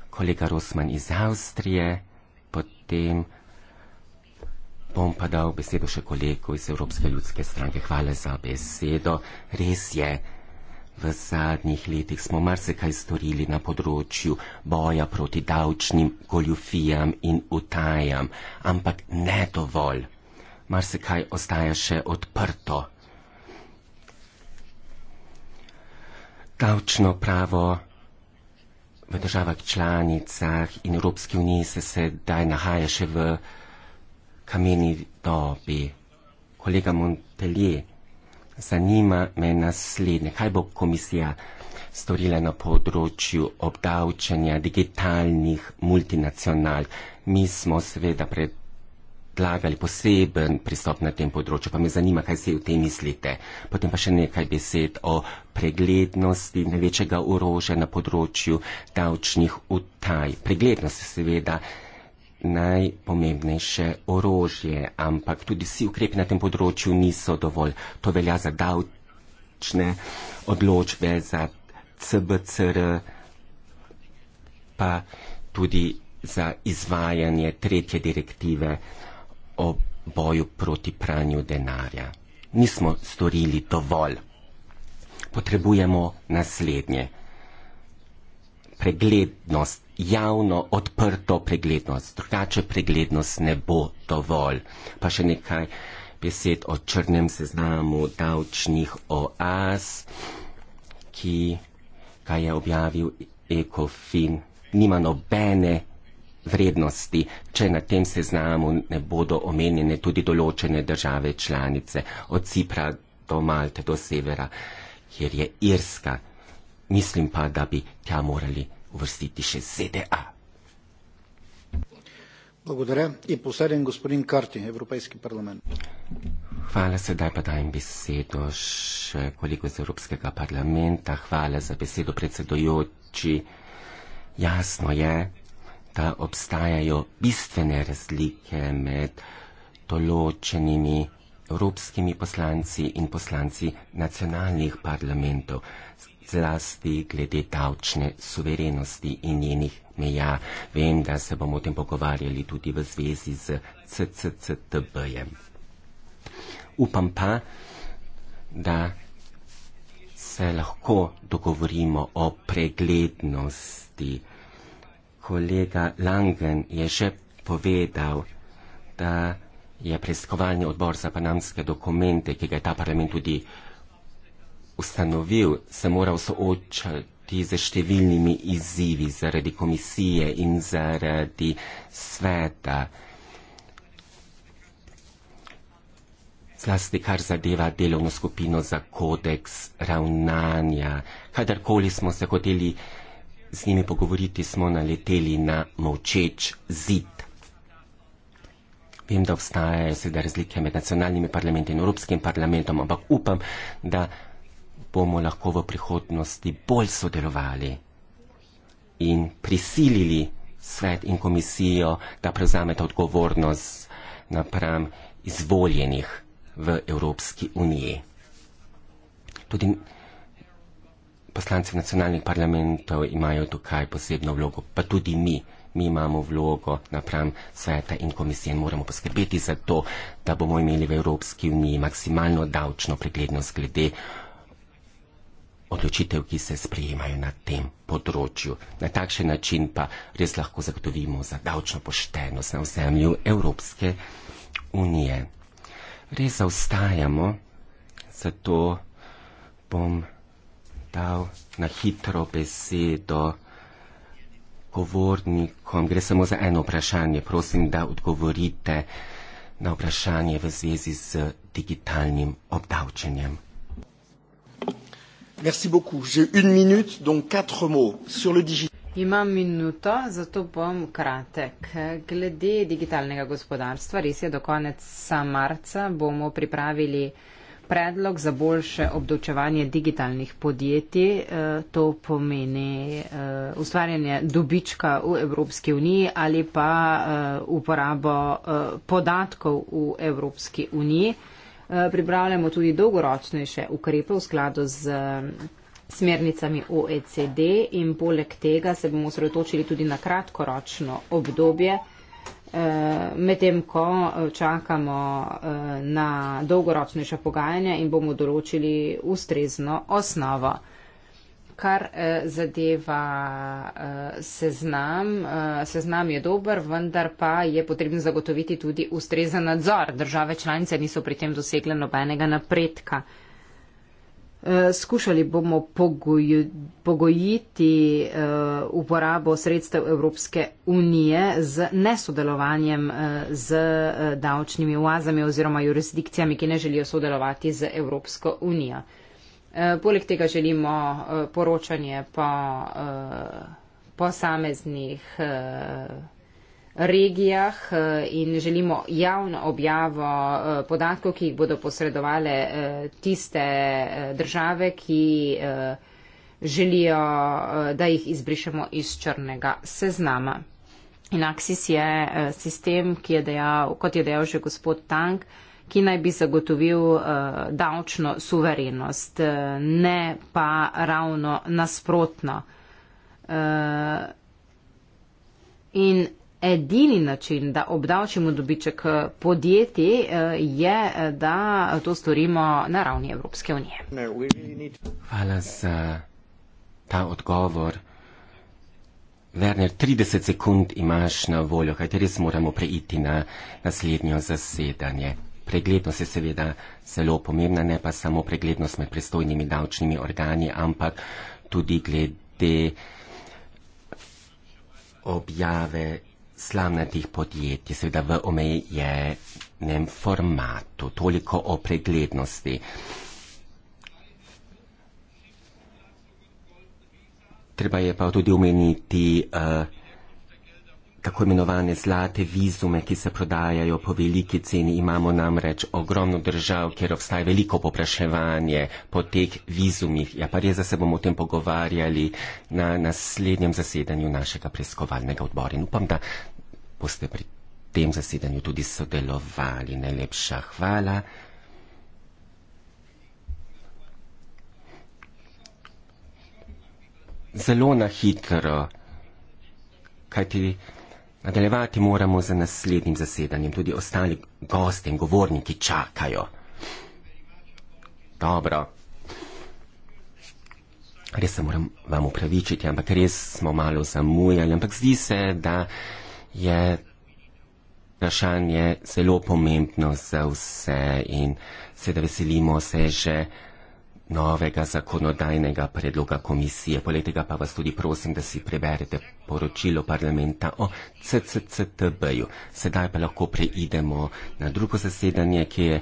Kolega Rosman iz Avstrije, potem bom pa dal besedo še kolegu iz Evropske ljudske stranke. Hvala za besedo. Res je. V zadnjih letih smo marsikaj storili na področju boja proti davčnim goljufijam in utajam, ampak ne dovolj. Marsikaj ostaja še odprto. Davčno pravo v državah članicah in Evropski uniji se sedaj nahaja še v kameni dobi. Kolega Montelier, zanima me naslednje, kaj bo komisija storila na področju obdavčanja digitalnih multinacional. Mi smo seveda predlagali poseben pristop na tem področju, pa me zanima, kaj se v tem mislite. Potem pa še nekaj besed o preglednosti največjega orožja na področju davčnih utaj. Preglednost je seveda najpomembnejše orožje, ampak tudi vsi ukrepi na tem področju niso dovolj. To velja za davčne odločbe, za CBCR, pa tudi za izvajanje tretje direktive o boju proti pranju denarja. Nismo storili dovolj. Potrebujemo naslednje preglednost, javno odprto preglednost. Drugače preglednost ne bo dovolj. Pa še nekaj besed o črnem seznamu davčnih oaz, ki ga je objavil Ekofin. Nima nobene vrednosti, če na tem seznamu ne bodo omenjene tudi določene države članice od Cipra do Malte, do severa, kjer je Irska mislim pa, da bi tja morali vrstiti še ZDA. Благодаря. И последен господин Карти, Европейски парламент. Hvala, sedaj pa dajem besedo še koliko iz Evropskega parlamenta. Hvala za besedo, predsedojoči. Jasno je, da obstajajo bistvene razlike med določenimi evropskimi poslanci in poslanci nacionalnih parlamentov zlasti glede davčne suverenosti in njenih meja. Vem, da se bomo o tem pogovarjali tudi v zvezi z CCCTB-jem. Upam pa, da se lahko dogovorimo o preglednosti. Kolega Langen je že povedal, da je preiskovalni odbor za panamske dokumente, ki ga je ta parlament tudi uh, ustanovil, se moral soočati z številnimi izzivi zaradi komisije in zaradi sveta. Zlasti, kar zadeva delovno skupino za kodeks ravnanja. Kadarkoli smo se hoteli z njimi pogovoriti, smo naleteli na močeč zid. Vem, da obstajajo sedaj razlike med nacionalnimi parlamenti in Evropskim parlamentom, ampak upam, da bomo lahko v prihodnosti bolj sodelovali in prisilili svet in komisijo, da prevzameta odgovornost napram izvoljenih v Evropski uniji. Tudi poslanci nacionalnih parlamentov imajo tukaj posebno vlogo, pa tudi mi. Mi imamo vlogo napram sveta in komisije in moramo poskrbeti za to, da bomo imeli v Evropski uniji maksimalno davčno preglednost glede odločitev, ki se sprejemajo na tem področju. Na takšen način pa res lahko zagotovimo za davčno poštenost na vzemlju Evropske unije. Res zaostajamo, zato bom dal na hitro besedo govornikom. Gre samo za eno vprašanje. Prosim, da odgovorite na vprašanje v zvezi z digitalnim obdavčenjem. Merci beaucoup. J'ai une minute, donc quatre mots sur le digital. Imam minuto, zato bom kratek. Glede digitalnega gospodarstva, res je, do konca marca bomo pripravili predlog za boljše obdočevanje digitalnih podjetij. Eh, to pomeni eh, ustvarjanje dobička v Evropski uniji ali pa eh, uporabo podatkov v Evropski uniji. Eh, pripravljamo tudi dolgoročnejše ukrepe v skladu z mm, smernicami OECD in poleg tega se bomo sredotočili tudi na kratkoročno obdobje, eh, medtem ko eh, čakamo na dolgoročnejša pogajanja in bomo določili ustrezno osnovo kar eh, zadeva eh, seznam, eh, seznam je dober, vendar pa je potrebno zagotoviti tudi ustrezen nadzor. Države članice niso pri tem dosegle nobenega napredka. Eh, skušali bomo pogoji, pogojiti uh, uporabo sredstev Evropske unije z nesodelovanjem uh, z davčnimi oazami oziroma jurisdikcijami, ki ne želijo sodelovati z Evropsko unijo. Uh, Eh, poleg tega želimo eh, poročanje po eh, posameznih regijah in želimo javno objavo podatkov, ki jih bodo posredovale tiste države, ki želijo, da jih izbrišemo iz črnega seznama. In Aksis je sistem, ki je dejal, kot je dejal že gospod Tank, ki naj bi zagotovil uh, davčno suverenost, uh, ne pa ravno nasprotno. Uh, in edini način, da obdavčimo dobiček podjetij, uh, je, da to storimo na ravni Evropske unije. Hvala za ta odgovor. Werner, 30 sekund imaš na voljo, kaj te res moramo preiti na naslednjo zasedanje preglednost je seveda zelo pomembna, ne pa samo preglednost med pristojnimi davčnimi organi, ampak tudi glede objave slavnatih podjetij, seveda v omejenem formatu. Toliko o preglednosti. Treba je pa tudi omeniti uh, tako imenovane zlate vizume, ki se prodajajo po veliki ceni. Imamo namreč ogromno držav, kjer obstaja veliko popraševanje po teh vizumih. Ja, pa res, da se bomo o tem pogovarjali na naslednjem zasedanju našega preiskovalnega odbora in upam, da boste pri tem zasedanju tudi sodelovali. Najlepša hvala. Zelo na hitro. Kaj ti? Nadaljevati moramo z naslednjim zasedanjem, tudi ostali gosti in govorniki čakajo. Dobro. Res se moram vam upravičiti, ampak res smo malo zamujali, ampak zdi se, da je vprašanje zelo pomembno za vse in seveda veselimo se že novega zakonodajnega predloga komisije. Poleg tega pa vas tudi prosim, da si preberete poročilo parlamenta o CCCTB-ju. Sedaj pa lahko preidemo na drugo zasedanje, ki je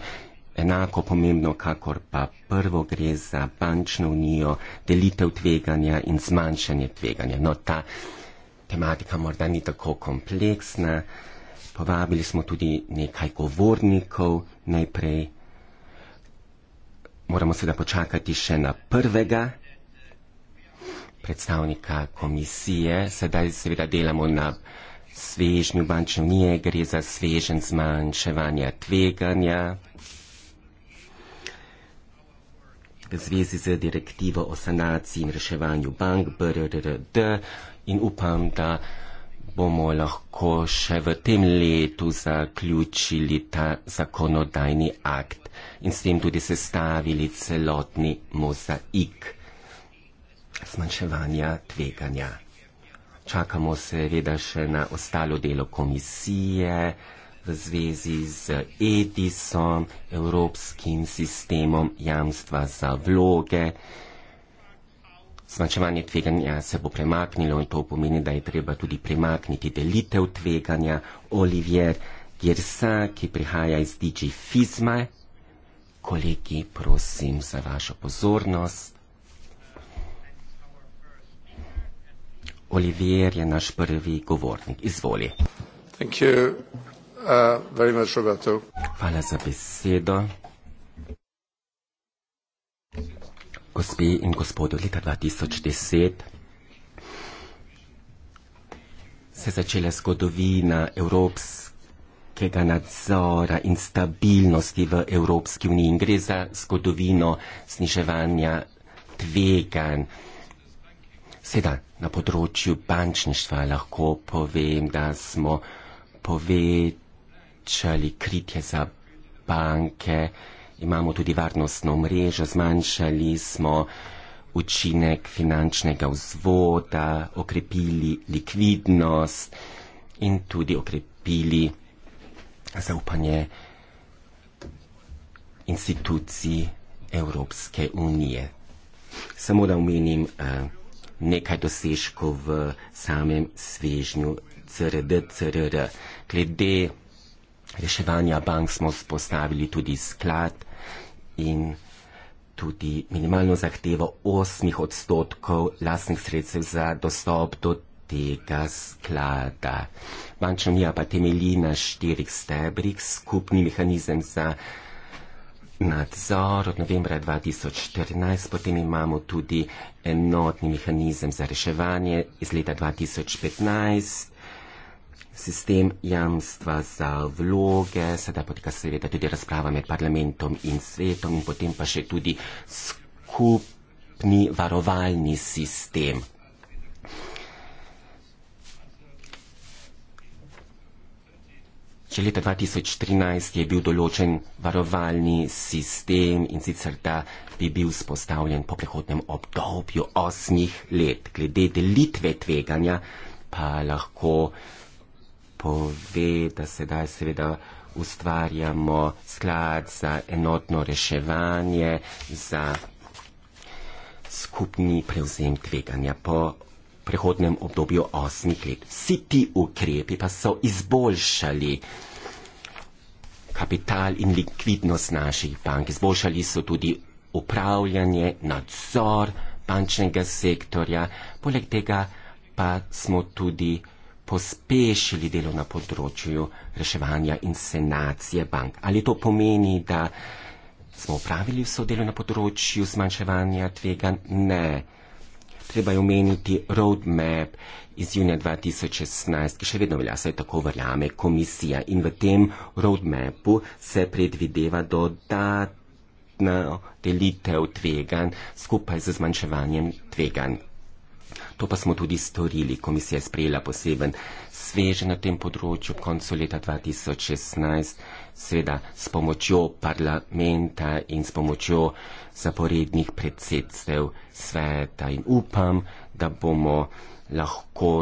enako pomembno, kakor pa prvo gre za bančno unijo, delitev tveganja in zmanjšanje tveganja. No, ta tematika morda ni tako kompleksna. Povabili smo tudi nekaj govornikov najprej moramo seveda počakati še na prvega predstavnika komisije. Sedaj seveda delamo na svežnju bančne unije, gre za svežen zmanjševanja tveganja. V zvezi z direktivo o sanaciji in reševanju bank, BRRD in upam, da bomo lahko še v tem letu zaključili ta zakonodajni akt in s tem tudi sestavili celotni mozaik zmanjševanja tveganja. Čakamo seveda še na ostalo delo komisije v zvezi z Edisom, Evropskim sistemom jamstva za vloge. Značevanje tveganja se bo premaknilo in to pomeni, da je treba tudi premakniti delitev tveganja. Olivier Gersa, ki prihaja iz DJ Fizma. Kolegi, prosim za vašo pozornost. Olivier je naš prvi govornik. Izvoli. Thank you. Uh, very much, Hvala za besedo. gospe in gospodje, leta 2010 se je začela zgodovina evropskega nadzora in stabilnosti v Evropski uniji in gre za zgodovino zniževanja tvegan. Seda na področju bančništva lahko povem, da smo povečali kritje za banke imamo tudi varnostno mrežo, zmanjšali smo učinek finančnega vzvoda, okrepili likvidnost in tudi okrepili zaupanje institucij Evropske unije. Samo da omenim eh, nekaj dosežkov v samem svežnju CRD, CRR. Glede reševanja bank smo spostavili tudi sklad in tudi minimalno zahtevo 8 odstotkov lastnih sredstev za dostop do tega sklada. Bančna unija pa temelji na štirih stebrih, skupni mehanizem za nadzor od novembra 2014, potem imamo tudi enotni mehanizem za reševanje iz leta 2015, sistem jamstva za vloge, sedaj poteka seveda tudi razprava med parlamentom in svetom in potem pa še tudi skupni varovalni sistem. Če leta 2013 je bil določen varovalni sistem in sicer da bi bil spostavljen po prehodnem obdobju osmih let. Glede delitve tveganja pa lahko pove, da sedaj seveda ustvarjamo sklad za enotno reševanje, za skupni prevzem tveganja po prehodnem obdobju osmih let. Vsi ti ukrepi pa so izboljšali kapital in likvidnost naših bank. Izboljšali so tudi upravljanje, nadzor bančnega sektorja. Poleg tega pa smo tudi pospešili delo na področju reševanja in senacije bank. Ali to pomeni, da smo upravili vso delo na področju zmanjševanja tvega? Ne. Treba je omeniti roadmap iz junija 2016, ki še vedno velja, saj tako verjame komisija. In v tem roadmapu se predvideva dodatna delitev tvegan skupaj z zmanjševanjem tvegan. To pa smo tudi storili, komisija je sprejela poseben sveže na tem področju ob koncu leta 2016, seveda s pomočjo parlamenta in s pomočjo zaporednih predsedstev sveta in upam, da bomo lahko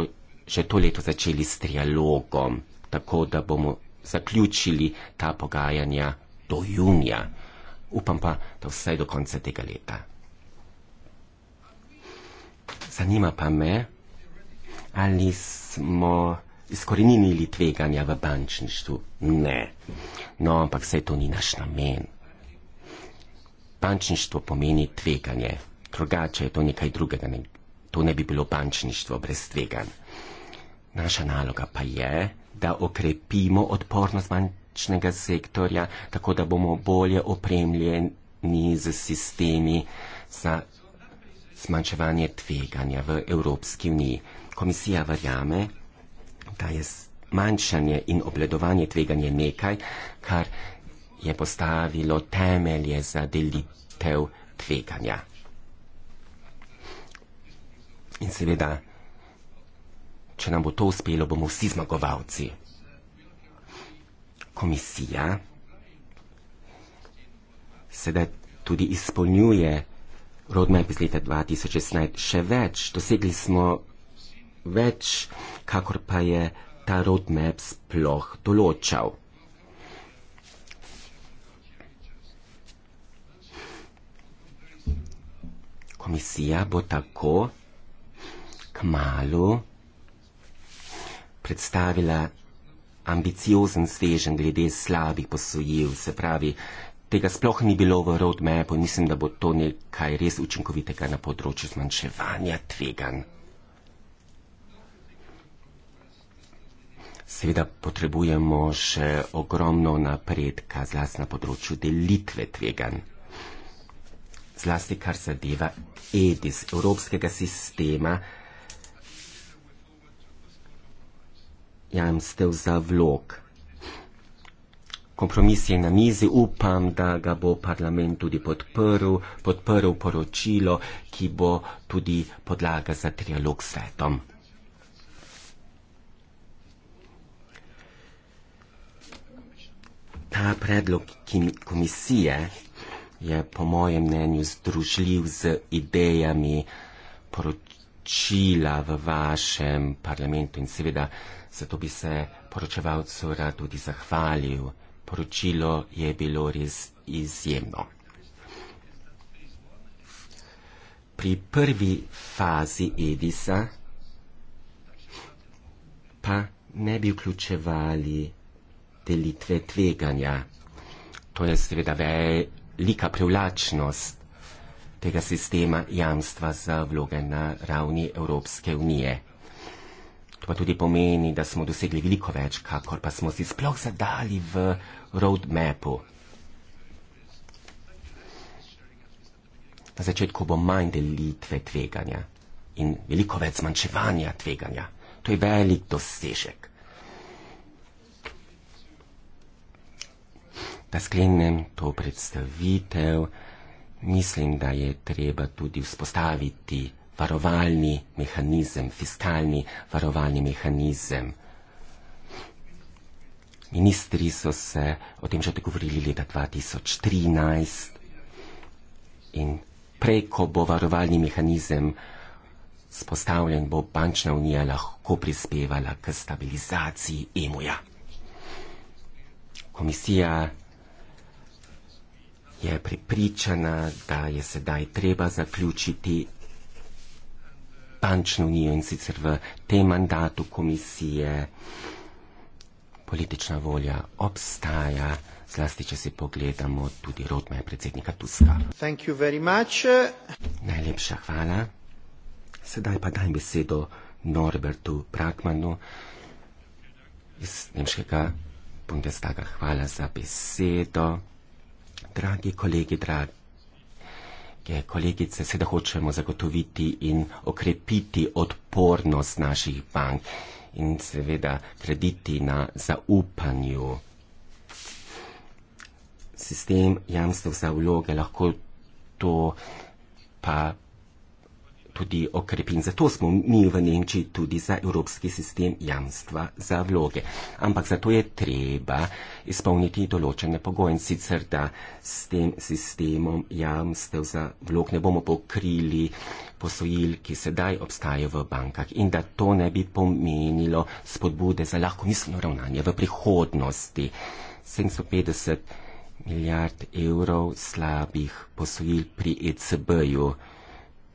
že to leto začeli s trialogom, tako da bomo zaključili ta pogajanja do junija. Upam pa, da vse do konca tega leta. Zanima pa me, ali smo izkoreninili tveganja v bančništvu. Ne. No, ampak vse to ni naš namen. Bančništvo pomeni tveganje. Drugače je to nekaj drugega. To ne bi bilo bančništvo brez tveganj. Naša naloga pa je, da okrepimo odpornost bančnega sektorja, tako da bomo bolje opremljeni z sistemi za zmanjševanje tveganja v Evropski uniji. Komisija verjame, da je zmanjšanje in obledovanje tveganja nekaj, kar je postavilo temelje za delitev tveganja. In seveda, če nam bo to uspelo, bomo vsi zmagovalci. Komisija sedaj tudi izpolnjuje roadmap iz leta 2016. Še več, dosegli smo več, kakor pa je ta roadmap sploh določal. Komisija bo tako k malu predstavila ambiciozen svežen glede slabih posojil, se pravi tega sploh ni bilo v roadmapu in mislim, da bo to nekaj res učinkovitega na področju zmanjševanja tvegan. Seveda potrebujemo še ogromno napredka, zlasti na področju delitve tvegan. Zlasti, kar zadeva EDIS, Evropskega sistema jamstev za vlog kompromis je na mizi, upam, da ga bo parlament tudi podprl, podprl poročilo, ki bo tudi podlaga za trialog s svetom. Ta predlog komisije je po mojem mnenju združljiv z idejami poročila v vašem parlamentu in seveda zato bi se poročevalcu rad tudi zahvalil poročilo je bilo res izjemno. Pri prvi fazi Edisa pa ne bi vključevali delitve tveganja. To je seveda velika privlačnost tega sistema jamstva za vloge na ravni Evropske unije. To pa tudi pomeni, da smo dosegli veliko več, kakor pa smo si sploh zadali v roadmapu. Na začetku bo manj delitve tveganja in veliko več zmanjševanja tveganja. To je velik dosežek. Da sklenem to predstavitev, mislim, da je treba tudi vzpostaviti varovalni mehanizem, fiskalni varovalni mehanizem. Ministri so se o tem že dogovorili leta 2013 in prej, ko bo varovalni mehanizem spostavljen, bo bančna unija lahko prispevala k stabilizaciji emuja. Komisija je prepričana, da je sedaj treba zaključiti natančno unijo in sicer v tem mandatu komisije politična volja obstaja, zlasti če si pogledamo tudi rodme predsednika Tuska. Najlepša hvala. Sedaj pa dajem besedo Norbertu Brakmanu iz Nemškega Bundestaga. Hvala za besedo. Dragi kolegi, dragi kolegice, seveda hočemo zagotoviti in okrepiti odpornost naših bank in seveda krediti na zaupanju. Sistem jamstv za vloge lahko to pa tudi okrepi. In zato smo mi v Nemčiji tudi za evropski sistem jamstva za vloge. Ampak zato je treba izpolniti določene pogoje in sicer, da s tem sistemom jamstev za vlog ne bomo pokrili posojil, ki sedaj obstajajo v bankah in da to ne bi pomenilo spodbude za lahko mislno ravnanje v prihodnosti. 750 milijard evrov slabih posojil pri ECB-ju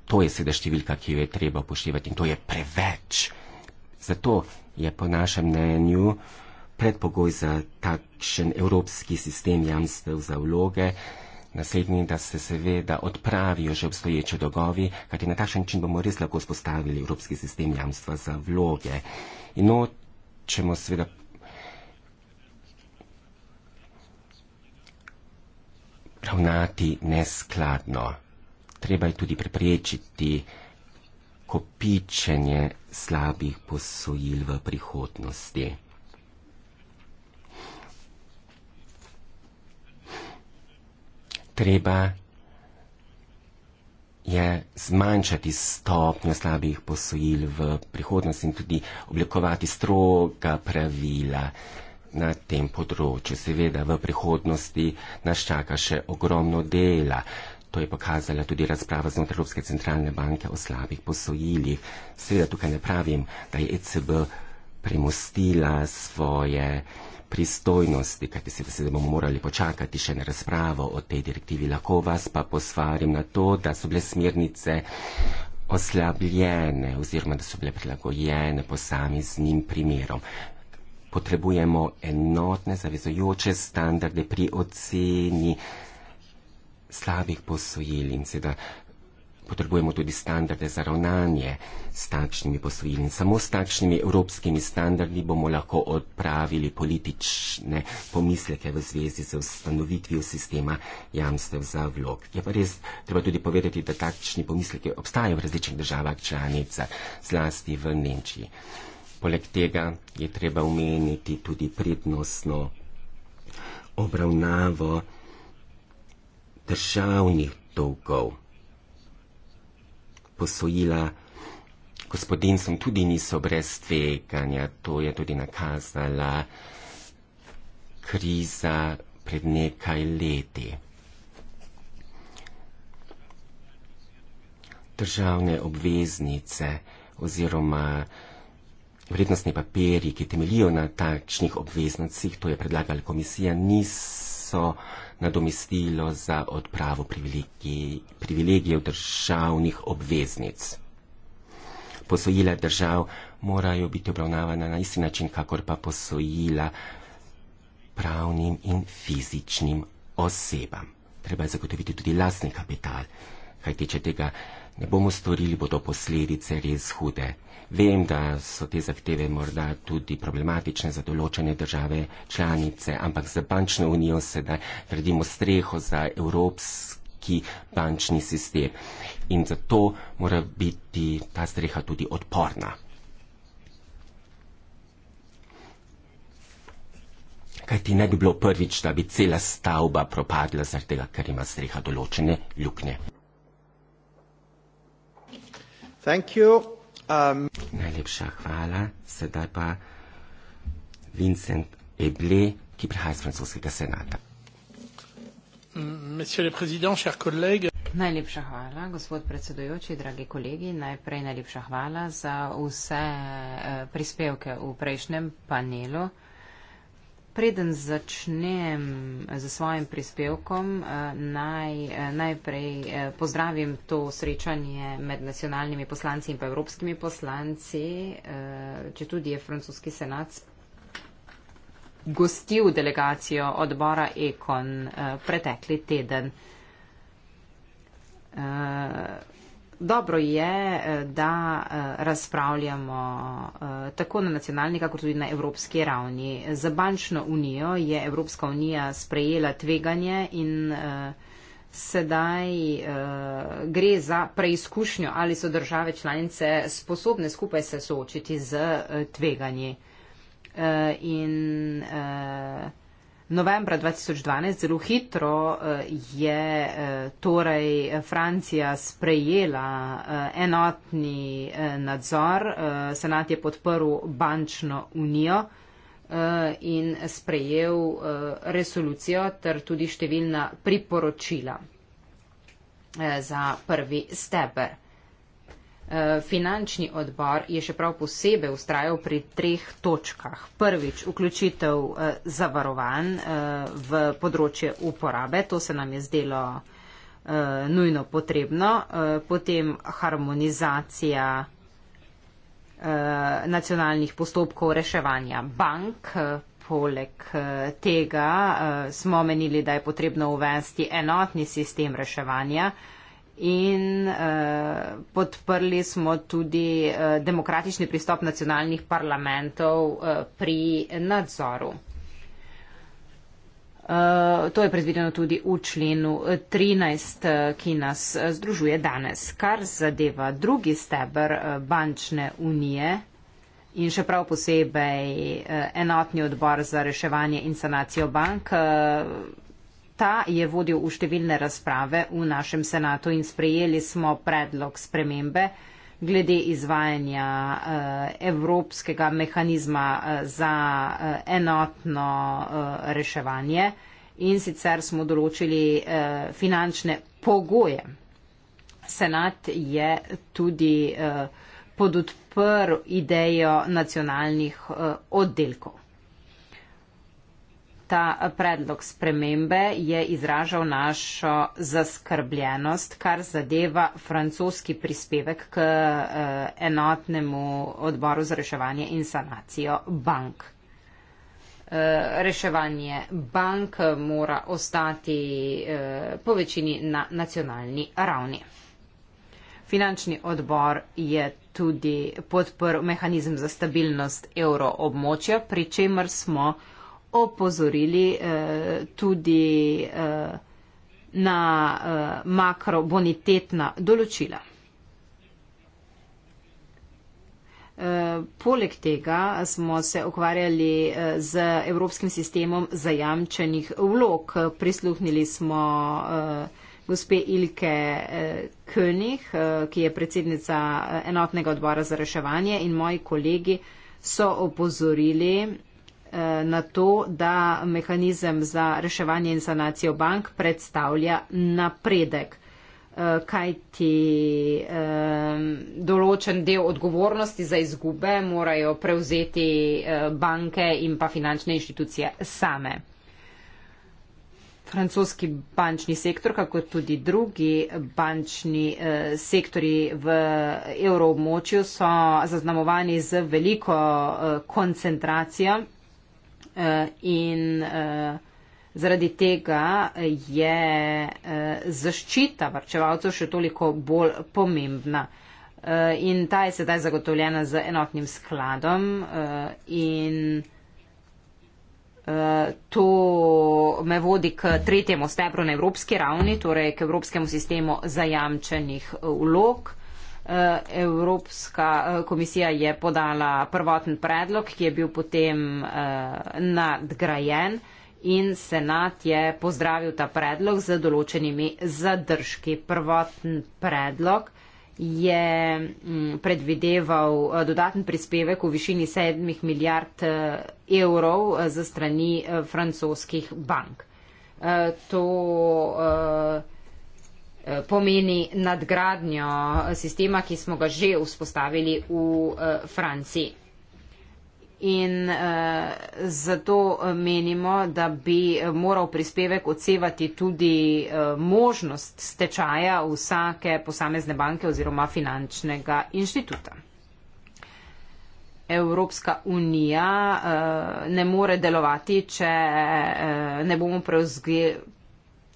to je seveda številka, ki jo je treba upoštevati in to je preveč. Zato je po našem mnenju predpogoj za takšen evropski sistem jamstev za vloge naslednji, da se seveda odpravijo že obstoječe dogovi, kajti na takšen način bomo res lahko spostavili evropski sistem jamstva za vloge. In očemo seveda. Ravnati neskladno treba je tudi preprečiti kopičenje slabih posojil v prihodnosti. Treba je zmanjšati stopnjo slabih posojil v prihodnosti in tudi oblikovati stroga pravila na tem področju. Seveda v prihodnosti nas čaka še ogromno dela, To je pokazala tudi razprava znotraj Evropske centralne banke o slabih posojilih. Seveda tukaj ne pravim, da je ECB premustila svoje pristojnosti, kajti se, se bomo morali počakati še na razpravo o tej direktivi. Lahko vas pa posvarim na to, da so bile smernice oslabljene oziroma da so bile prilagojene posameznim primerom. Potrebujemo enotne, zavezojoče standarde pri oceni slabih posojil in seveda potrebujemo tudi standarde za ravnanje s takšnimi posojili. Samo s takšnimi evropskimi standardi bomo lahko odpravili politične pomisleke v zvezi z ustanovitvijo sistema jamstev za vlog. Je pa res treba tudi povedati, da takšni pomisleke obstajajo v različnih državah članica, zlasti v Nemčiji. Poleg tega je treba omeniti tudi prednostno obravnavo državnih dolgov. Posojila gospodinstvom tudi niso brez tveganja, to je tudi nakazala kriza pred nekaj leti. Državne obveznice oziroma vrednostni papiri, ki temelijo na takšnih obveznicah, to je predlagala komisija, niso nadomestilo za odpravo privilegij, privilegijev državnih obveznic. Posojila držav morajo biti obravnavana na isti način, kakor pa posojila pravnim in fizičnim osebam. Treba je zagotoviti tudi lastni kapital, kajti če tega ne bomo storili, bodo posledice res hude. Vem, da so te zahteve morda tudi problematične za določene države članice, ampak za bančno unijo sedaj gradimo streho za evropski bančni sistem in zato mora biti ta streha tudi odporna. Kaj ti ne bi bilo prvič, da bi cela stavba propadla zaradi tega, ker ima streha določene luknje. Thank you. Um... Najlepša hvala. Sedaj pa Vincent Eble, ki prihaja iz francoskega senata. Najlepša hvala, gospod predsedujoči, dragi kolegi. Najprej najlepša hvala za vse eh, prispevke v prejšnjem panelu preden začnem z svojim prispevkom, eh, naj, eh, najprej eh, pozdravim to srečanje med nacionalnimi poslanci in pa evropskimi poslanci, če tudi je francoski senat gostil delegacijo odbora Ekon pretekli teden dobro je, eh, da eh, razpravljamo eh, tako na nacionalni, kako tudi na evropski ravni. Za bančno unijo je Evropska unija sprejela tveganje in sedaj gre za preizkušnjo, ali so države članice sposobne skupaj se soočiti z tveganji. In uh, novembra 2012, zelo hitro eh, je eh, torej Francija sprejela eh, enotni nadzor, senat je podprl bančno unijo in sprejel resolucijo ter tudi številna priporočila za prvi steber. Eh, finančni odbor je še prav posebej ustrajal pri treh točkah. Prvič, vključitev eh, zavarovanj eh, v področje uporabe, to se nam je zdelo nujno potrebno. Potem harmonizacija nacionalnih postopkov reševanja bank. Poleg tega smo menili, da je potrebno uvesti enotni sistem reševanja in uh, podprli smo tudi uh, demokratični pristop nacionalnih parlamentov uh, pri nadzoru. Uh, to je predvideno tudi v členu 13, ki nas združuje danes. Kar zadeva drugi stebr bančne unije in še prav posebej enotni odbor za reševanje in sanacijo bank, uh, Ta je vodil v številne razprave v našem senatu in sprejeli smo predlog spremembe glede izvajanja eh, Evropskega mehanizma eh, za eh, enotno reševanje in sicer smo določili finančne pogoje. Senat je tudi podotprl idejo nacionalnih oddelkov ta predlog spremembe je izražal našo zaskrbljenost, kar zadeva francoski prispevek k eh, enotnemu odboru za reševanje in sanacijo bank. Eh, reševanje bank mora ostati eh, po večini na nacionalni ravni. Finančni odbor je tudi podprl mehanizem za stabilnost evroobmočja, pri čemer smo opozorili eh, tudi eh, na eh, makrobonitetna določila. Eh, poleg tega smo se ukvarjali eh, z evropskim sistemom zajamčenih vlog. Prisluhnili smo eh, gospe Ilke König, ki je predsednica enotnega odbora za reševanje in moji kolegi so opozorili Eh, na to, da mehanizem za reševanje in sanacijo bank predstavlja napredek, eh, kaj ti eh, določen del odgovornosti za izgube morajo prevzeti banke in pa finančne inštitucije same. Francoski bančni sektor, kako tudi drugi bančni eh, sektori v evroobmočju, so zaznamovani z veliko eh, koncentracijo Eh, in eh, zaradi tega je eh, zaščita varčevalcev še toliko bolj pomembna. In ta je sedaj zagotovljena z enotnim skladom in to me vodi k tretjemu stebru na evropski ravni, torej k evropskemu sistemu zajamčenih vlog. Eh, Evropska eh, komisija je podala prvoten predlog, ki je bil potem eh, nadgrajen in senat je pozdravil ta predlog z določenimi zadržki. Prvoten predlog je mm, predvideval dodaten prispevek v višini 7 milijard evrov za strani francoskih bank. To pomeni nadgradnjo sistema, ki smo ga že vzpostavili v eh, Franciji. In eh, zato eh, menimo, da bi moral prispevek odsevati tudi eh, možnost stečaja vsake posamezne banke oziroma finančnega inštituta. Evropska unija eh, ne more delovati, če eh, ne bomo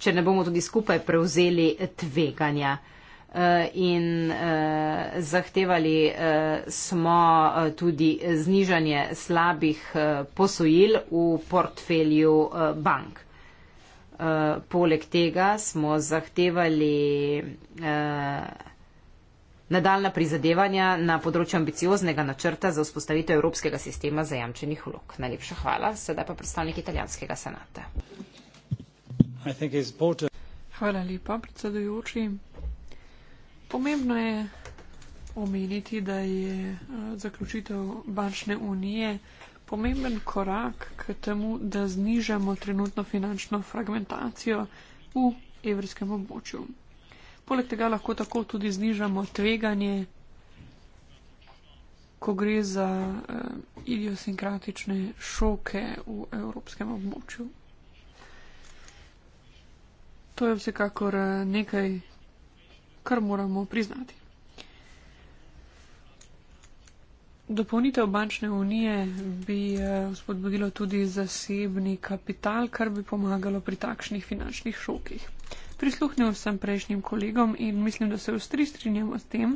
če ne bomo tudi skupaj prevzeli tveganja. Eh, in eh, zahtevali eh, smo tudi znižanje slabih posojil v portfelju bank. Poleg tega smo zahtevali nadaljna prizadevanja na področju ambicioznega načrta za vzpostavitev evropskega sistema zajamčenih vlog. Najlepša hvala. Sedaj pa predstavnik italijanskega senata. Hvala lepa, predsedujoči. Pomembno je omeniti, da je eh, zaključitev bančne unije pomemben korak k temu, da znižamo trenutno finančno fragmentacijo v evrskem območju. Poleg tega lahko tako tudi znižamo tveganje, ko gre za eh, idiosinkratične šoke v evropskem območju. To je vsekakor eh, nekaj, kar moramo priznati. Dopolnitev bančne unije bi eh, spodbudilo tudi zasebni kapital, kar bi pomagalo pri takšnih finančnih šokih. Prisluhnil sem prejšnjim kolegom in mislim, da se vstri strinjamo s tem,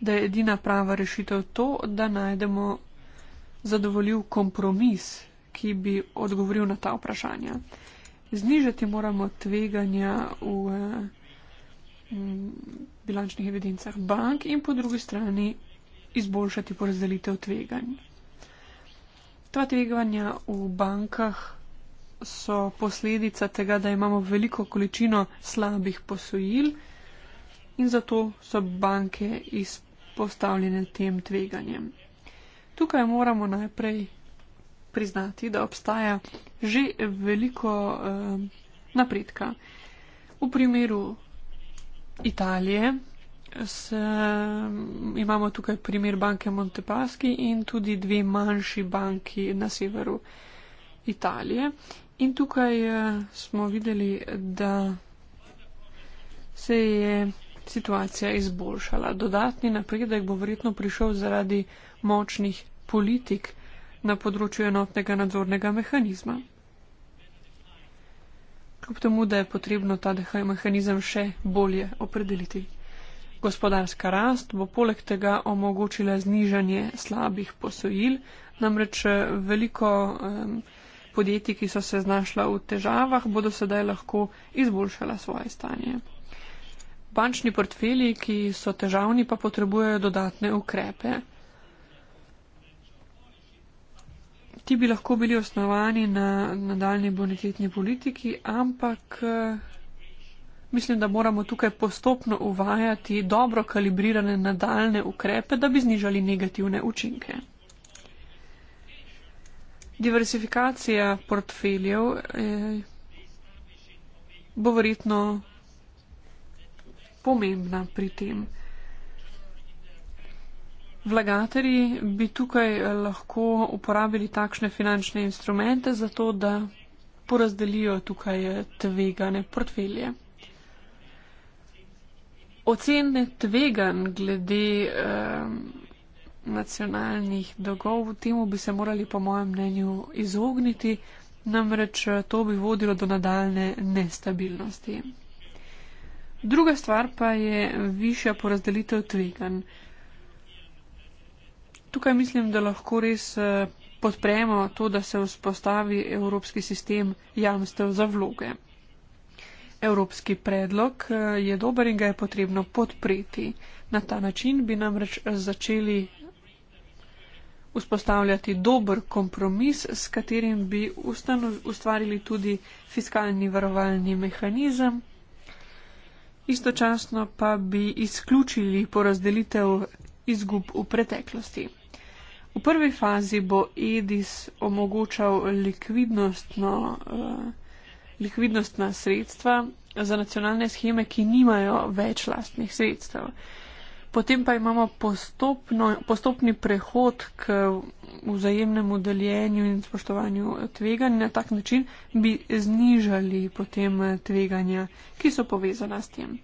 da je edina prava rešitev to, da najdemo zadovoljiv kompromis, ki bi odgovoril na ta vprašanja znižati moramo tveganja v eh, bilančnih evidencah bank in po drugi strani izboljšati porazdelitev tveganj. Ta tveganja v bankah so posledica tega, da imamo veliko količino slabih posojil in zato so banke izpostavljene tem tveganjem. Tukaj moramo najprej priznati, da obstaja že veliko uh, napredka. V primeru Italije se, imamo tukaj primer banke Montepaschi in tudi dve manjši banki na severu Italije. In tukaj uh, smo videli, da se je situacija izboljšala. Dodatni napredek bo verjetno prišel zaradi močnih politik na področju enotnega nadzornega mehanizma. Kljub temu, da je potrebno ta mehanizem še bolje opredeliti. Gospodarska rast bo poleg tega omogočila znižanje slabih posojil, namreč eh, veliko um, podjetij, ki so se znašla v težavah, bodo sedaj lahko izboljšala svoje stanje. Bančni portfelji, ki so težavni, pa potrebujejo dodatne ukrepe. Ti bi lahko bili osnovani na nadaljni bonitetni politiki, ampak eh, mislim, da moramo tukaj postopno uvajati dobro kalibrirane nadaljne ukrepe, da bi znižali negativne učinke. Diversifikacija portfeljev eh, bo verjetno pomembna pri tem. Vlagatelji bi tukaj eh, lahko uporabili takšne finančne instrumente za to, da porazdelijo tukaj eh, tvegane portfelje. Ocene tvegan glede eh, nacionalnih dolgov, temu bi se morali po mojem mnenju izogniti, namreč eh, to bi vodilo do nadaljne nestabilnosti. Druga stvar pa je višja porazdelitev tvegan. Tukaj mislim, da lahko res eh, podpremo to, da se vzpostavi evropski sistem jamstev za vloge. Evropski predlog eh, je dober in ga je potrebno podpreti. Na ta način bi namreč začeli vzpostavljati dober kompromis, s katerim bi ustvarili tudi fiskalni varovalni mehanizem. Istočasno pa bi izključili porazdelitev izgub v preteklosti. V prvi fazi bo EDIS omogočal likvidnostno, uh, likvidnostna sredstva za nacionalne scheme, ki nimajo več lastnih sredstev. Potem pa imamo postopno, postopni prehod k vzajemnemu deljenju in spoštovanju tveganj. Na tak način bi znižali potem tveganja, ki so povezana s tem.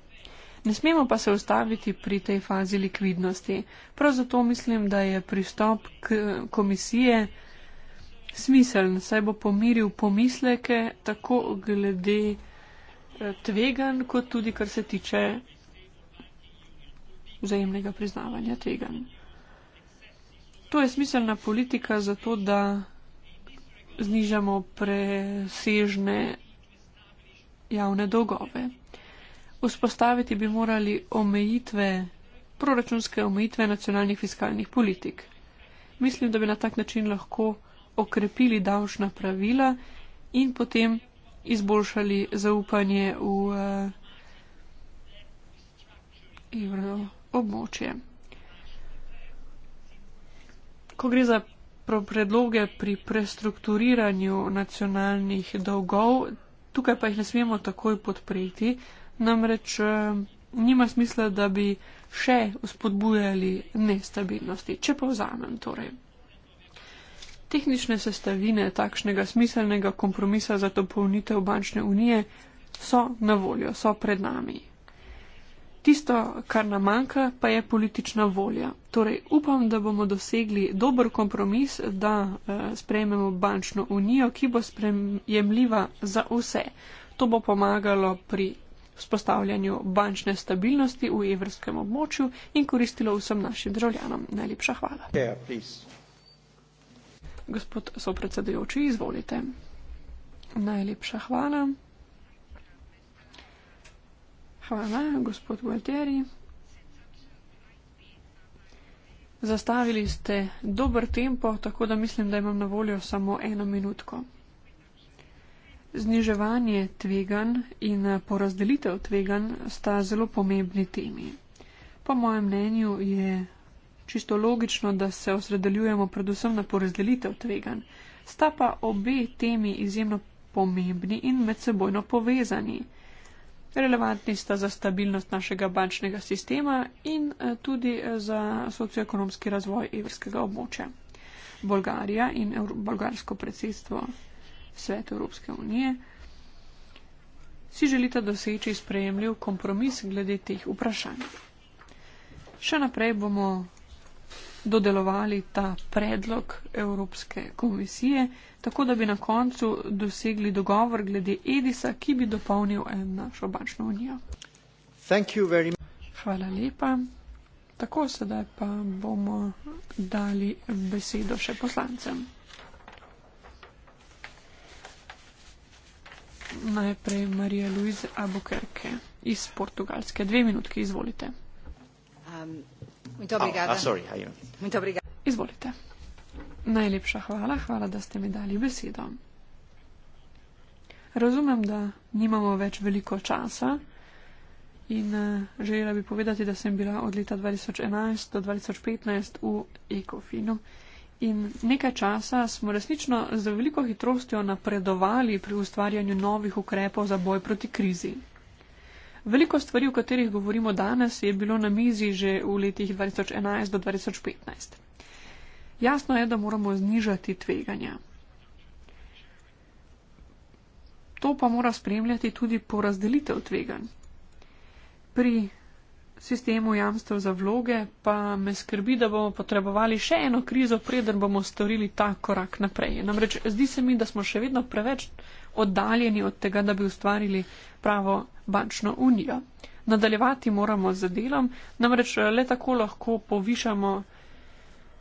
Ne smemo pa se ustaviti pri tej fazi likvidnosti. Prav zato mislim, da je pristop k komisije smiseln, saj bo pomiril pomisleke tako glede eh, tvegan, kot tudi kar se tiče vzajemnega priznavanja tvegan. To je smiselna politika zato, da znižamo presežne javne dolgove. Vzpostaviti bi morali omejitve, proračunske omejitve nacionalnih fiskalnih politik. Mislim, da bi na tak način lahko okrepili davčna pravila in potem izboljšali zaupanje v uh, evro območje. Ko gre za predloge pri prestrukturiranju nacionalnih dolgov, tukaj pa jih ne smemo takoj podpreti, Namreč eh, nima smisla, da bi še uspodbujali nestabilnosti, če povzamem torej. Tehnične sestavine takšnega smiselnega kompromisa za dopolnitev bančne unije so na voljo, so pred nami. Tisto, kar nam manjka, pa je politična volja. Torej, upam, da bomo dosegli dober kompromis, da eh, sprejmemo bančno unijo, ki bo sprejemljiva za vse. To bo pomagalo pri vzpostavljanju bančne stabilnosti v evrskem območju in koristilo vsem našim državljanom. Najlepša hvala. Yeah, Gospod sopredsedujoči, izvolite. Najlepša hvala. Hvala, gospod Gualtieri. Zastavili ste dober tempo, tako da mislim, da imam na voljo samo eno minutko. Zniževanje tvegan in eh, porazdelitev tvegan sta zelo pomembni temi. Po mojem mnenju je čisto logično, da se osredeljujemo predvsem na porazdelitev tvegan. Sta pa obe temi izjemno pomembni in medsebojno povezani. Relevantni sta za stabilnost našega bančnega sistema in eh, tudi eh, za socioekonomski razvoj evrskega območja. Bolgarija in bolgarsko predsedstvo svet Evropske unije, si želita doseči sprejemljiv kompromis glede teh vprašanj. Še naprej bomo dodelovali ta predlog Evropske komisije, tako da bi na koncu dosegli dogovor glede Edisa, ki bi dopolnil našo bančno unijo. Hvala lepa. Tako sedaj pa bomo dali besedo še poslancem. Najprej Marija Luiza Albuquerque iz Portugalske. Dve minutki, izvolite. Um, ah, ah, izvolite. Najlepša hvala, hvala, da ste mi dali besedo. Razumem, da nimamo več veliko časa in eh, želela bi povedati, da sem bila od leta 2011 do 2015 v Ekofinu. In nekaj časa smo resnično z veliko hitrostjo napredovali pri ustvarjanju novih ukrepov za boj proti krizi. Veliko stvari, o katerih govorimo danes, je bilo na mizi že v letih 2011 do 2015. Jasno je, da moramo znižati tveganja. To pa mora spremljati tudi porazdelitev tveganj. Pri sistemu jamstv za vloge, pa me skrbi, da bomo potrebovali še eno krizo, preden bomo storili ta korak naprej. Namreč zdi se mi, da smo še vedno preveč oddaljeni od tega, da bi ustvarili pravo bančno unijo. Nadaljevati moramo z delom, namreč eh, le tako lahko povišamo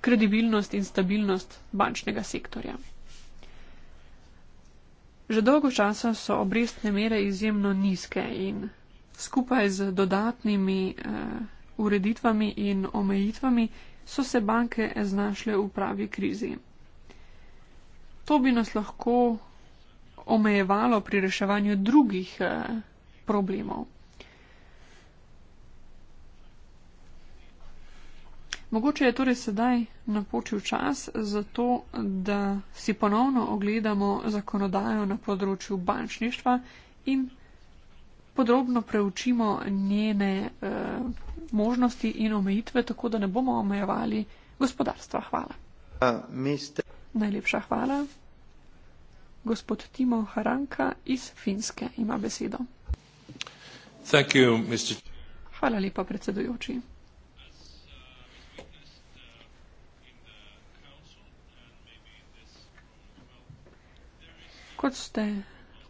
kredibilnost in stabilnost bančnega sektorja. Že dolgo časa so obrestne mere izjemno nizke in Skupaj z dodatnimi uh, ureditvami in omejitvami so se banke znašle v pravi krizi. To bi nas lahko omejevalo pri reševanju drugih uh, problemov. Mogoče je torej sedaj napočil čas za to, da si ponovno ogledamo zakonodajo na področju bančništva in podrobno preučimo njene uh, možnosti in omejitve, tako da ne bomo omejevali gospodarstva. Hvala. Uh, mister... Najlepša hvala. Gospod Timo Haranka iz Finske ima besedo. You, Mr... Hvala lepa, predsedujoči. Kot ste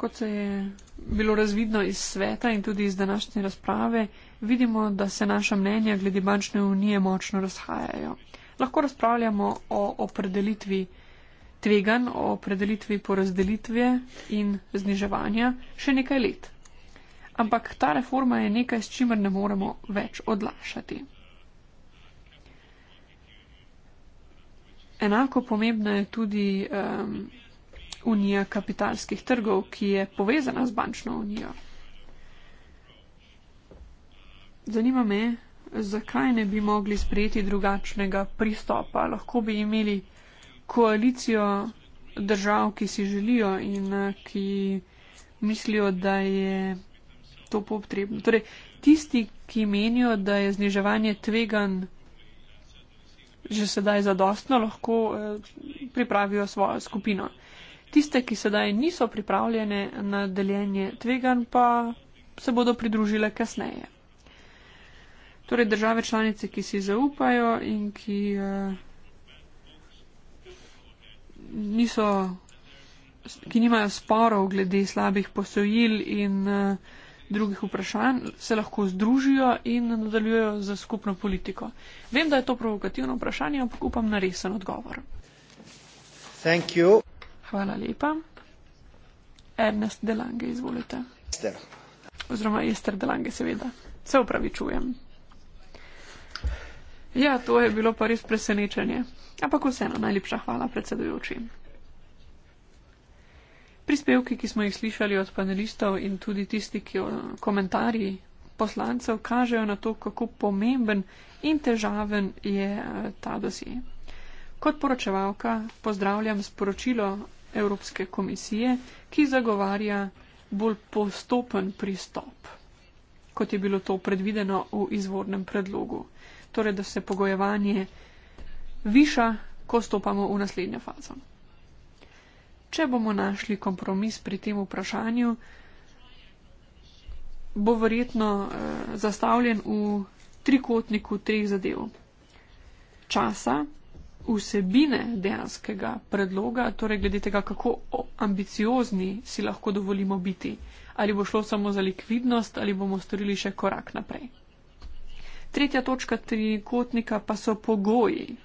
kot se je bilo razvidno iz sveta in tudi iz današnje razprave, vidimo, da se naša mnenja glede bančne unije močno razhajajo. Lahko razpravljamo o opredelitvi tvegan, o opredelitvi porazdelitve in zniževanja še nekaj let. Ampak ta reforma je nekaj, s čimer ne moremo več odlašati. Enako pomembno je tudi. Um, unija kapitalskih trgov, ki je povezana z bančno unijo. Zanima me, zakaj ne bi mogli sprejeti drugačnega pristopa. Lahko bi imeli koalicijo držav, ki si želijo in eh, ki mislijo, da je to potrebno. Torej, tisti, ki menijo, da je zniževanje tvegan že sedaj zadostno, lahko eh, pripravijo svojo skupino. Tiste, ki sedaj niso pripravljene na deljenje tvegan, pa se bodo pridružile kasneje. Torej države članice, ki si zaupajo in ki eh, niso, ki nimajo sporov glede slabih posojil in eh, drugih vprašanj, se lahko združijo in nadaljujejo za skupno politiko. Vem, da je to provokativno vprašanje, ampak upam na resen odgovor. Thank you. Hvala lepa. Ernest Delange, izvolite. Ester. Oziroma Ester Delange, seveda. Se upravičujem. Ja, to je bilo pa res presenečenje. Ampak vseeno, najlepša hvala, predsedujoči. Prispevki, ki smo jih slišali od panelistov in tudi tisti, ki o komentarji poslancev, kažejo na to, kako pomemben in težaven je eh, ta dosje. Kot poročevalka pozdravljam sporočilo Evropske komisije, ki zagovarja bolj postopen pristop, kot je bilo to predvideno v izvornem predlogu. Torej, da se pogojevanje viša, ko stopamo v naslednjo fazo. Če bomo našli kompromis pri tem vprašanju, bo verjetno eh, zastavljen v trikotniku treh zadev. Časa, vsebine dejanskega predloga, torej glede tega, kako ambiciozni si lahko dovolimo biti. Ali bo šlo samo za likvidnost, ali bomo storili še korak naprej. Tretja točka trikotnika pa so pogoji.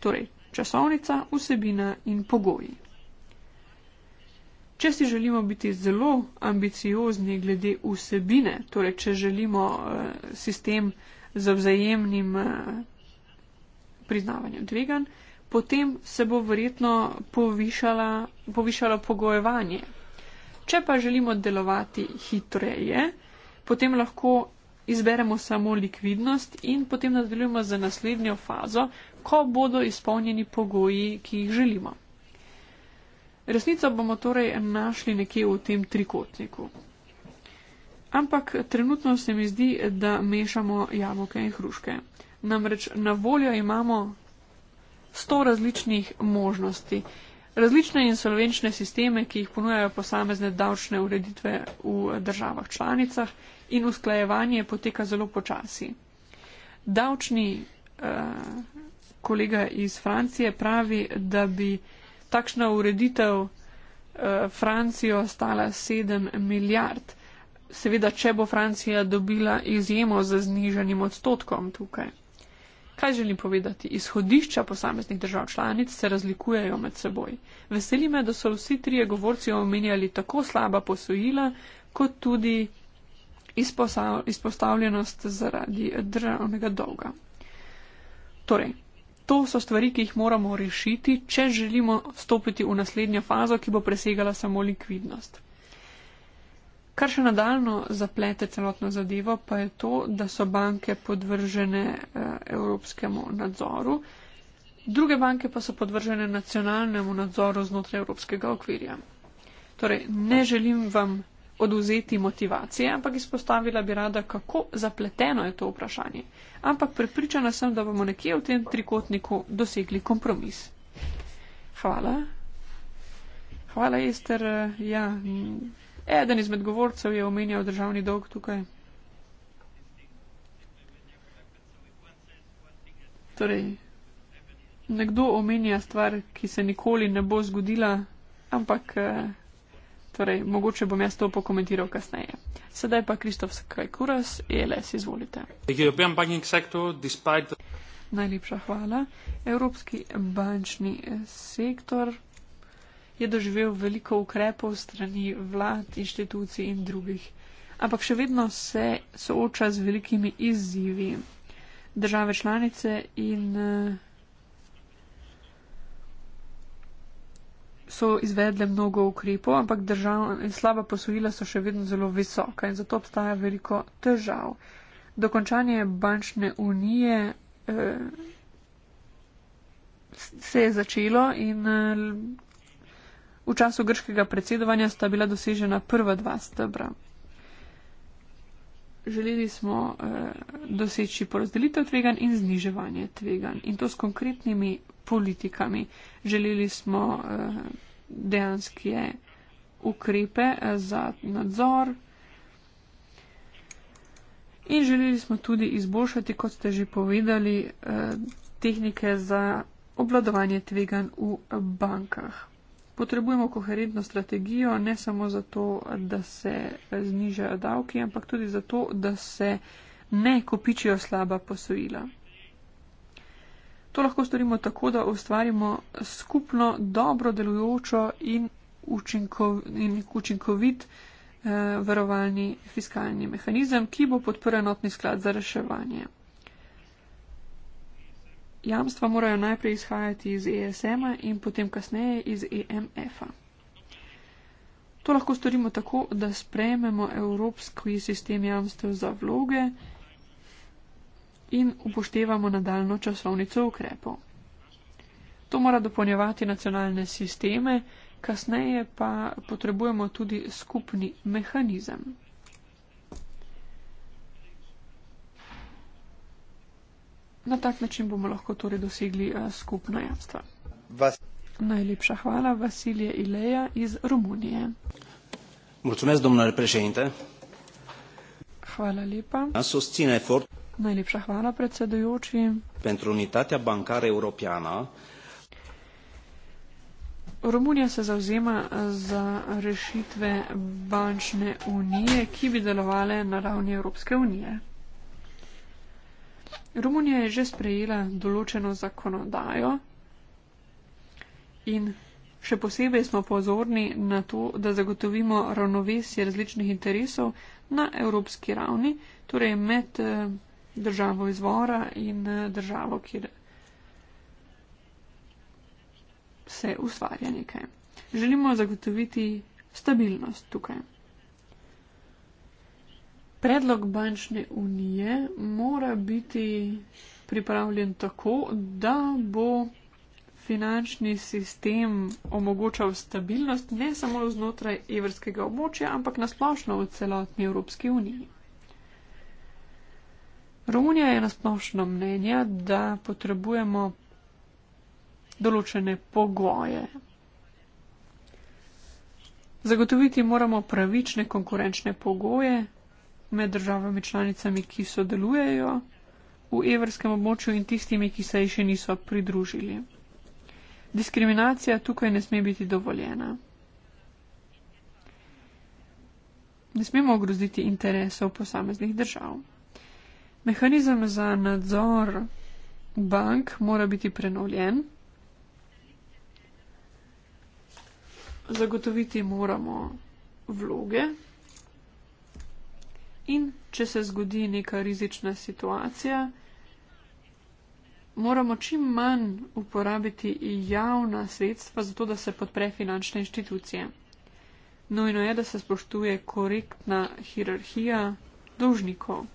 Torej, časovnica, vsebina in pogoji. Če si želimo biti zelo ambiciozni glede vsebine, torej, če želimo eh, sistem z vzajemnim eh, priznavanjem tveganj, potem se bo verjetno povišalo pogojevanje. Če pa želimo delovati hitreje, potem lahko izberemo samo likvidnost in potem nadaljujemo za naslednjo fazo, ko bodo izpolnjeni pogoji, ki jih želimo. Resnico bomo torej našli nekje v tem trikotniku. Ampak trenutno se mi zdi, da mešamo jabolke in hruške. Namreč na voljo imamo sto različnih možnosti. Različne insolvenčne sisteme, ki jih ponujajo posamezne davčne ureditve v državah članicah in usklajevanje poteka zelo počasi. Davčni eh, kolega iz Francije pravi, da bi takšna ureditev eh, Francijo stala 7 milijard. Seveda, če bo Francija dobila izjemo za znižanim odstotkom tukaj. Kaj želim povedati? Izhodišča posameznih držav članic se razlikujejo med seboj. Veseli me, da so vsi trije govorci omenjali tako slaba posojila, kot tudi izpostavljenost zaradi državnega dolga. Torej, to so stvari, ki jih moramo rešiti, če želimo stopiti v naslednjo fazo, ki bo presegala samo likvidnost. Kar še nadaljno zaplete celotno zadevo, pa je to, da so banke podvržene eh, evropskemu nadzoru, druge banke pa so podvržene nacionalnemu nadzoru znotraj evropskega okvirja. Torej, ne želim vam oduzeti motivacije, ampak izpostavila bi rada, kako zapleteno je to vprašanje. Ampak prepričana sem, da bomo nekje v tem trikotniku dosegli kompromis. Hvala. Hvala, Ester. Ja. Eden izmed govorcev je omenjal državni dolg tukaj. Torej, nekdo omenja stvar, ki se nikoli ne bo zgodila, ampak eh, torej, mogoče bom jaz to pokomentiral kasneje. Sedaj pa Kristof Skajkuras, ELS, izvolite. Najlepša hvala. Evropski bančni eh, sektor je doživel veliko ukrepov strani vlad, inštitucij in drugih. Ampak še vedno se sooča z velikimi izzivi. Države članice in uh, so izvedle mnogo ukrepov, ampak držav, slaba posojila so še vedno zelo visoka in zato obstaja veliko težav. Dokončanje bančne unije uh, se je začelo in uh, V času grškega predsedovanja sta bila dosežena prva dva stebra. Želeli smo eh, doseči porazdelitev tvegan in zniževanje tvegan in to s konkretnimi politikami. Želeli smo eh, dejanske ukrepe eh, za nadzor in želeli smo tudi izboljšati, kot ste že povedali, eh, tehnike za obladovanje tvegan v bankah potrebujemo koherentno strategijo, ne samo zato, da se znižajo davki, ampak tudi zato, da se ne kopičijo slaba posojila. To lahko storimo tako, da ustvarimo skupno dobro delujočo in, učinkov, in učinkovit eh, varovalni fiskalni mehanizem, ki bo podprl enotni sklad za reševanje jamstva morajo najprej izhajati iz ESM-a in potem kasneje iz EMF-a. To lahko storimo tako, da sprejmemo evropski sistem jamstev za vloge in upoštevamo nadaljno časovnico ukrepov. To mora dopolnjevati nacionalne sisteme, kasneje pa potrebujemo tudi skupni mehanizem. Na tak način bomo lahko torej dosegli eh, skupno jamstvo. Vas. Najlepša hvala, Vasilije Ileja iz Romunije. Hvala lepa. Najlepša hvala, predsedujoči. Romunija se zauzema eh, za rešitve bančne unije, ki bi delovale na ravni Evropske unije. Romunija je že sprejela določeno zakonodajo in še posebej smo pozorni na to, da zagotovimo ravnovesje različnih interesov na evropski ravni, torej med eh, državo izvora in eh, državo, kjer se ustvarja nekaj. Želimo zagotoviti stabilnost tukaj. Predlog bančne unije mora biti pripravljen tako, da bo finančni sistem omogočal stabilnost ne samo znotraj evrskega območja, ampak nasplošno v celotni Evropski uniji. Romunija je nasplošno mnenja, da potrebujemo določene pogoje. Zagotoviti moramo pravične konkurenčne pogoje med državami članicami, ki sodelujejo v evrskem območju in tistimi, ki se ji še niso pridružili. Diskriminacija tukaj ne sme biti dovoljena. Ne smemo ogroziti interesov posameznih držav. Mehanizem za nadzor bank mora biti prenovljen. Zagotoviti moramo vloge, In če se zgodi neka rizična situacija, moramo čim manj uporabiti javna sredstva za to, da se podpre finančne inštitucije. Nujno je, da se spoštuje korektna hierarhija dolžnikov.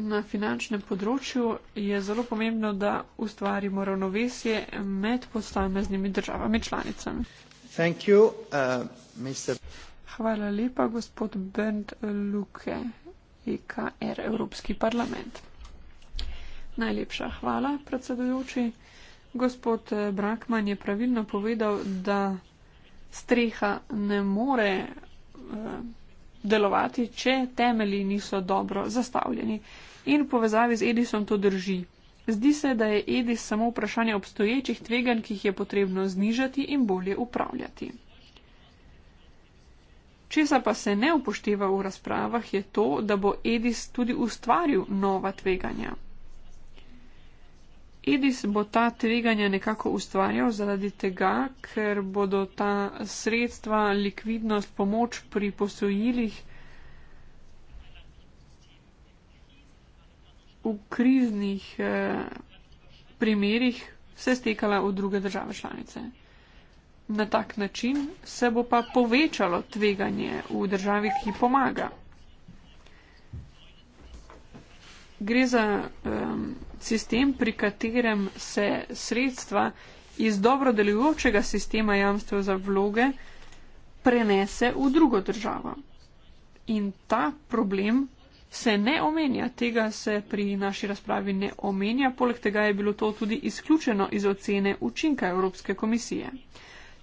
Na finančnem področju je zelo pomembno, da ustvarimo ravnovesje med posameznimi državami članicami. You, uh, Mr... Hvala lepa, gospod Bernd Luke, EKR Evropski parlament. Najlepša hvala, predsedujoči. Gospod Brakman je pravilno povedal, da streha ne more. Uh, delovati, če temelji niso dobro zastavljeni. In v povezavi z Edisom to drži. Zdi se, da je Edis samo vprašanje obstoječih tvegan, ki jih je potrebno znižati in bolje upravljati. Česa pa se ne upošteva v razpravah, je to, da bo Edis tudi ustvaril nova tveganja. Edis bo ta tveganja nekako ustvarjal zaradi tega, ker bodo ta sredstva, likvidnost, pomoč pri posojilih v kriznih eh, primerjih vse stekala v druge države članice. Na tak način se bo pa povečalo tveganje v državi, ki pomaga. gre za um, sistem, pri katerem se sredstva iz dobro delujočega sistema jamstva za vloge prenese v drugo državo. In ta problem se ne omenja, tega se pri naši razpravi ne omenja, poleg tega je bilo to tudi izključeno iz ocene učinka Evropske komisije.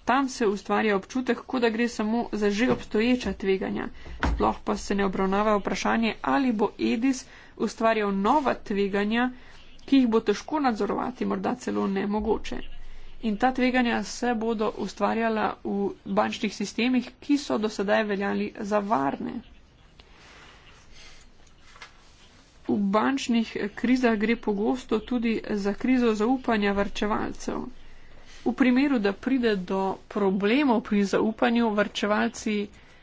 Tam se ustvarja občutek, kot da gre samo za že obstoječa tveganja. Sploh pa se ne obravnava vprašanje, ali bo Edis ustvarjal nova tveganja, ki jih bo težko nadzorovati, morda celo nemogoče. In ta tveganja se bodo ustvarjala v bančnih sistemih, ki so do sedaj veljali za varne. V bančnih krizah gre pogosto tudi za krizo zaupanja vrčevalcev. V primeru, da pride do problemov pri zaupanju, vrčevalci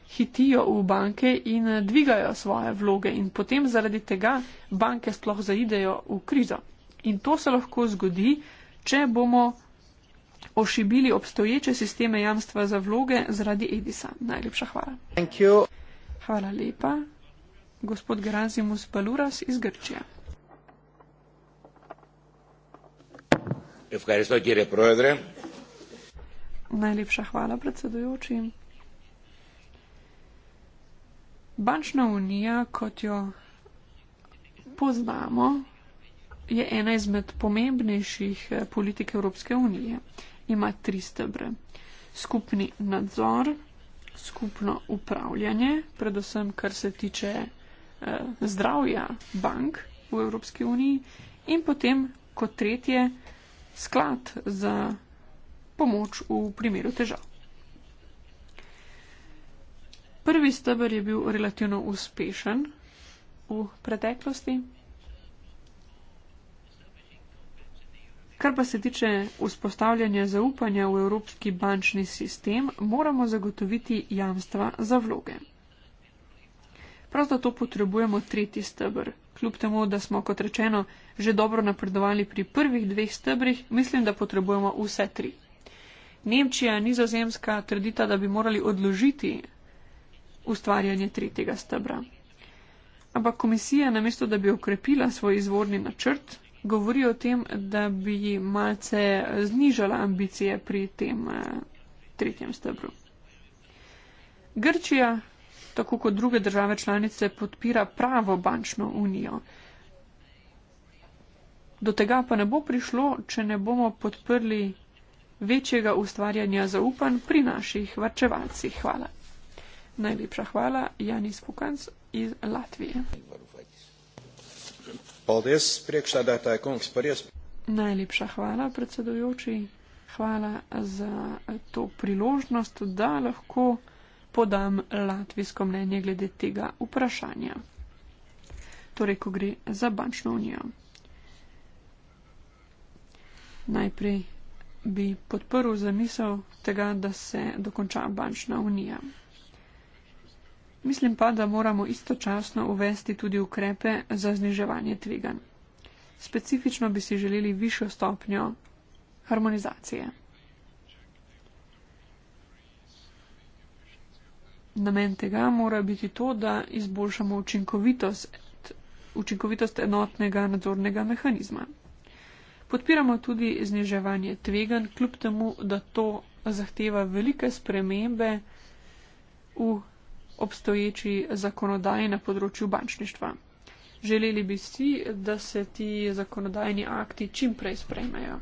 hitijo v banke in eh, dvigajo svoje vloge in potem zaradi tega banke sploh zaidejo v krizo. In to se lahko zgodi, če bomo ošibili obstoječe sisteme jamstva za vloge zaradi Edisa. Najlepša hvala. Hvala lepa. Gospod Gerazimus Paluras iz Grčije. Najlepša hvala predsedujočim. Bančna unija, kot jo poznamo, je ena izmed pomembnejših eh, politik Evropske unije. Ima tri stebre. Skupni nadzor, skupno upravljanje, predvsem kar se tiče eh, zdravja bank v Evropski uniji in potem kot tretje sklad za pomoč v primeru težav prvi steber je bil relativno uspešen v preteklosti. Kar pa se tiče vzpostavljanja zaupanja v evropski bančni sistem, moramo zagotoviti jamstva za vloge. Prav zato potrebujemo tretji stebr. Kljub temu, da smo, kot rečeno, že dobro napredovali pri prvih dveh stebrih, mislim, da potrebujemo vse tri. Nemčija, Nizozemska trdita, da bi morali odložiti ustvarjanje tretjega stebra. Ampak komisija, namesto da bi okrepila svoj izvorni načrt, govori o tem, da bi malce znižala ambicije pri tem eh, tretjem stebru. Grčija, tako kot druge države članice, podpira pravo bančno unijo. Do tega pa ne bo prišlo, če ne bomo podprli večjega ustvarjanja zaupanj pri naših varčevalcih. Hvala. Najlepša hvala, Janis Pukanc iz Latvije. Najlepša hvala, predsedujoči. Hvala za to priložnost, da lahko podam latvijsko mnenje glede tega vprašanja. Torej, ko gre za bančno unijo. Najprej bi podprl zamisel tega, da se dokonča bančna unija. Mislim pa, da moramo istočasno uvesti tudi ukrepe za zniževanje tvegan. Specifično bi si želeli višjo stopnjo harmonizacije. Namen tega mora biti to, da izboljšamo učinkovitost, učinkovitost enotnega nadzornega mehanizma. Podpiramo tudi zniževanje tvegan, kljub temu, da to zahteva velike spremembe v obstoječi zakonodaji na področju bančništva. Želeli bi si, da se ti zakonodajni akti čim prej sprejmejo.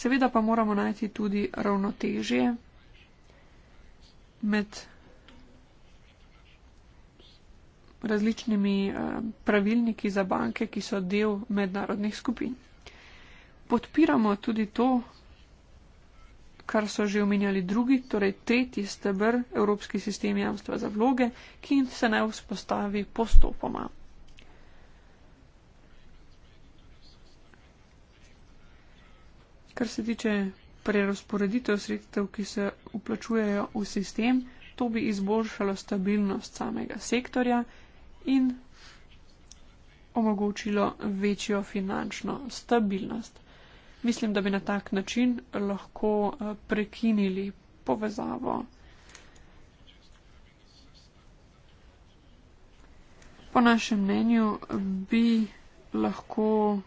Seveda pa moramo najti tudi ravnotežje med različnimi eh, pravilniki za banke, ki so del mednarodnih skupin. Podpiramo tudi to, kar so že omenjali drugi, torej tretji stebr, Evropski sistem jamstva za vloge, ki se naj vzpostavi postopoma. Kar se tiče prerasporeditev sredstev, ki se uplačujejo v sistem, to bi izboljšalo stabilnost samega sektorja in omogočilo večjo finančno stabilnost mislim, da bi na tak način lahko eh, prekinili povezavo. Po našem mnenju bi lahko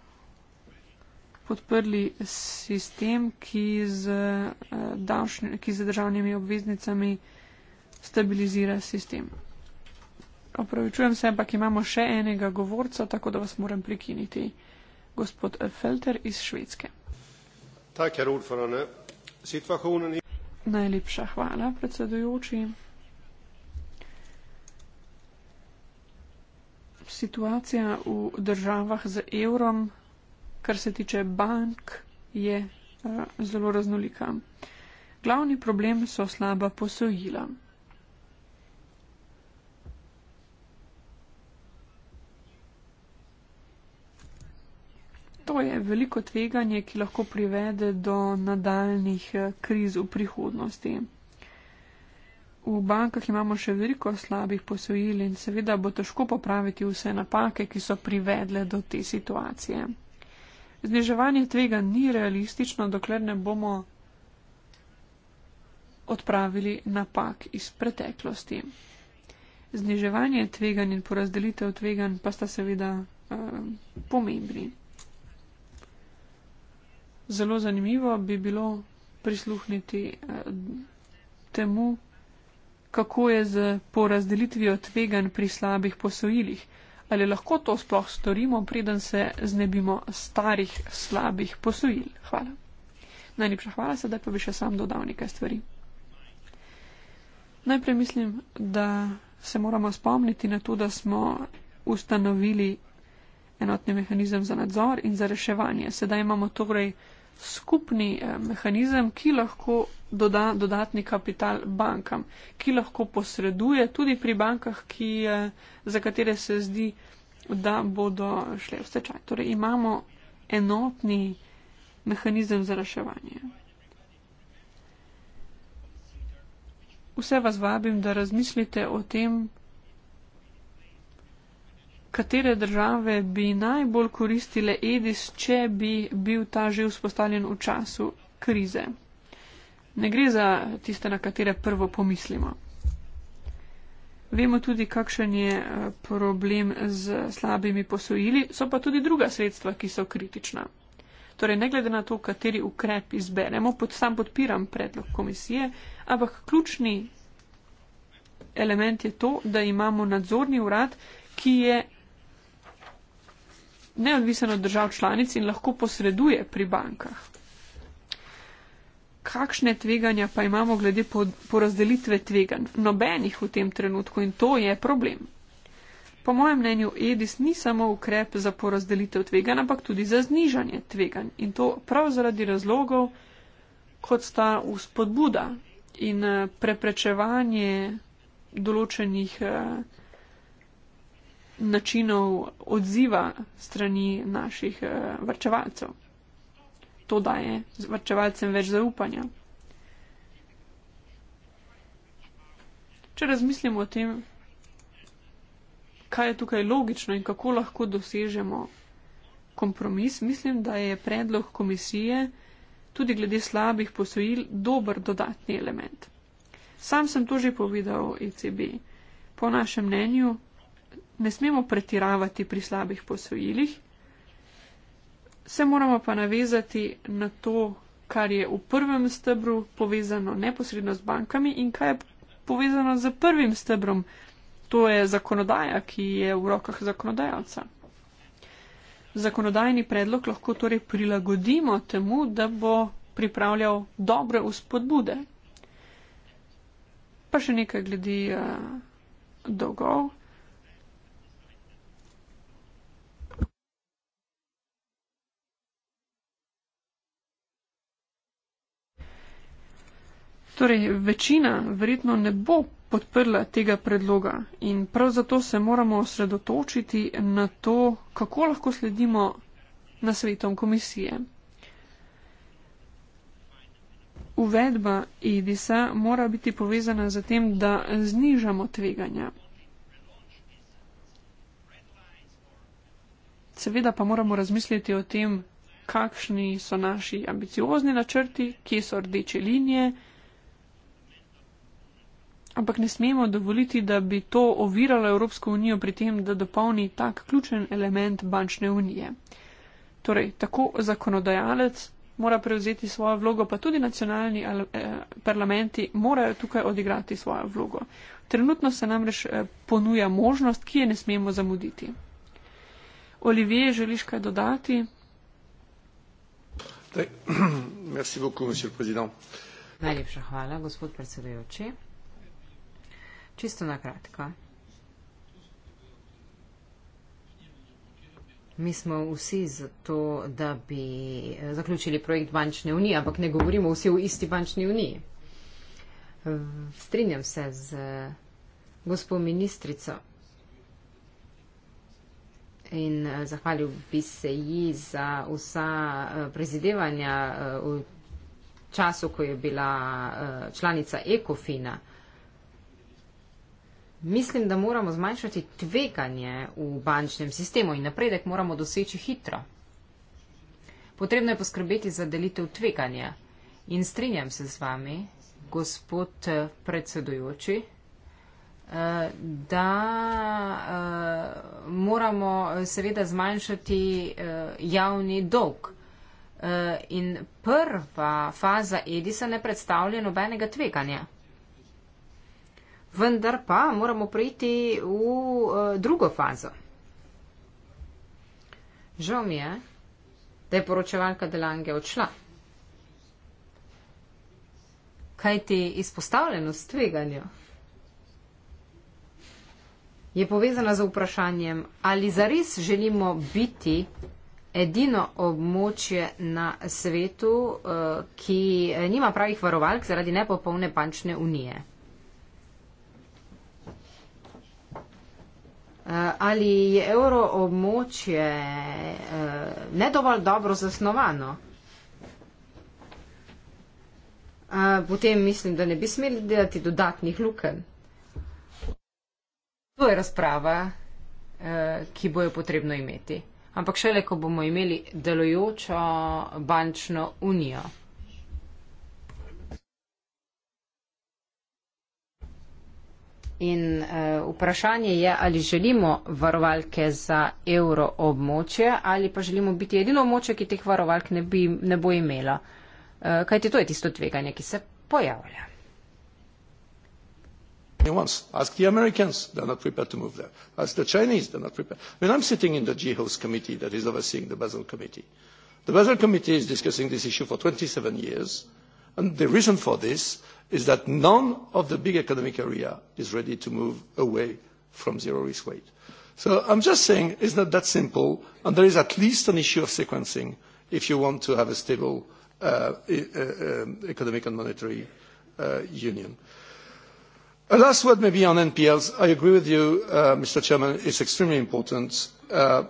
podprli sistem, ki z, eh, davšnj, ki z državnimi obveznicami stabilizira sistem. Opravičujem se, ampak imamo še enega govorca, tako da vas moram prekiniti. Gospod Felter iz Švedske. Najlepša hvala, predsedujoči. Situacija v državah z evrom, kar se tiče bank, je eh, zelo raznolika. Glavni problem so slaba posojila. To je veliko tveganje, ki lahko privede do nadaljnih eh, kriz v prihodnosti. V bankah imamo še veliko slabih posojil in seveda bo težko popraviti vse napake, ki so privedle do te situacije. Zniževanje tvega ni realistično, dokler ne bomo odpravili napak iz preteklosti. Zniževanje tveganj in porazdelitev tveganj pa sta seveda eh, pomembni zelo zanimivo bi bilo prisluhniti eh, temu, kako je z porazdelitvijo tvegan pri slabih posojilih. Ali lahko to sploh storimo, preden se znebimo starih slabih posojil? Hvala. Najlepša hvala, sedaj pa bi še sam dodal nekaj stvari. Najprej mislim, da se moramo spomniti na to, da smo ustanovili enotni mehanizem za nadzor in za reševanje. Sedaj imamo torej skupni eh, mehanizem, ki lahko doda dodatni kapital bankam, ki lahko posreduje tudi pri bankah, ki, eh, za katere se zdi, da bodo šle v stečaj. Torej imamo enotni mehanizem za reševanje. Vse vas vabim, da razmislite o tem, katere države bi najbolj koristile Edis, če bi bil ta že vzpostavljen v času krize? Ne gre za tiste, na katere prvo pomislimo. Vemo tudi, kakšen je eh, problem z slabimi posojili, so pa tudi druga sredstva, ki so kritična. Torej, ne glede na to, kateri ukrep izberemo, pod sam podpiram predlog komisije, ampak ključni element je to, da imamo nadzorni urad, ki je neodvisen od držav članic in lahko posreduje pri bankah. Kakšne tveganja pa imamo glede porazdelitve po tveganj? Nobenih v tem trenutku in to je problem. Po mojem mnenju EDIS ni samo ukrep za porazdelitev tveganj, ampak tudi za znižanje tveganj in to prav zaradi razlogov, kot sta uspodbuda in eh, preprečevanje določenih uh, načinov odziva strani naših eh, vrčevalcev. To daje vrčevalcem več zaupanja. Če razmislimo o tem, kaj je tukaj logično in kako lahko dosežemo kompromis, mislim, da je predlog komisije tudi glede slabih posojil dober dodatni element. Sam sem to že povedal ECB. Po našem mnenju ne smemo pretiravati pri slabih posojilih, se moramo pa navezati na to, kar je v prvem stebru povezano neposredno z bankami in kaj je povezano z prvim stebrom. To je zakonodaja, ki je v rokah zakonodajalca. Zakonodajni predlog lahko torej prilagodimo temu, da bo pripravljal dobre uspodbude. Pa še nekaj glede uh, dolgov. Torej, večina verjetno ne bo podprla tega predloga in prav zato se moramo osredotočiti na to, kako lahko sledimo na svetom komisije. Uvedba EDIS-a mora biti povezana z tem, da znižamo tveganja. Seveda pa moramo razmisliti o tem, kakšni so naši ambiciozni načrti, kje so rdeče linije, Ampak ne smemo dovoliti, da bi to oviralo Evropsko unijo pri tem, da dopolni tak ključen element bančne unije. Torej, tako zakonodajalec mora prevzeti svojo vlogo, pa tudi nacionalni eh, parlamenti morajo tukaj odigrati svojo vlogo. Trenutno se namreč eh, ponuja možnost, ki je ne smemo zamuditi. Olivier, želiš kaj dodati? Najlepša hvala, gospod predsedujoči čisto na kratko. Mi smo vsi za to, da bi zaključili projekt bančne unije, ampak ne govorimo vsi v isti bančni uniji. Strinjam se z gospod ministrico in eh, zahvalil bi se ji za vsa eh, prezidevanja eh, v času, ko je bila članica Ekofina. Mislim, da moramo zmanjšati tveganje v bančnem sistemu in napredek moramo doseči hitro. Potrebno je poskrbeti za delitev tveganja. In strinjam se z vami, gospod eh, predsedujoči, eh, da eh, moramo seveda zmanjšati javni dolg. In prva faza Edisa ne predstavlja nobenega tveganja vendar pa moramo preiti v eh, drugo fazo. Žal mi je, da je poročevalka Delange odšla. Kaj ti izpostavljenost tveganju je povezana z vprašanjem, ali zares želimo biti edino območje na svetu, eh, ki eh, nima pravih varovalk zaradi nepopolne pančne unije. Eh, ali je evro območje eh, ne dovolj dobro zasnovano? Eh, potem mislim, da ne bi smeli delati dodatnih luken. To je razprava, ki bojo potrebno imeti. Ampak šele, ko bomo imeli delojočo bančno unijo. In uh, vprašanje je, ali želimo varovalke za evro območje ali pa želimo biti edino območje, ki teh varovalk ne, bi, ne bo imela. Uh, eh, Kaj ti to je tisto tveganje, ki se pojavlja? Once. Ask the Americans, they're not prepared to move there. Ask the Chinese, they're not prepared. When I'm sitting in the G-Host committee that is overseeing the Basel Committee, the Basel Committee is discussing this issue for 27 years, and the reason for this is that none of the big economic area is ready to move away from zero risk weight. So I'm just saying it's not that simple, and there is at least an issue of sequencing if you want to have a stable uh, e-, e uh, um, economic and monetary uh, union. A last word maybe on NPLs. I agree with you, uh, Mr. Chairman, it's extremely important. Uh,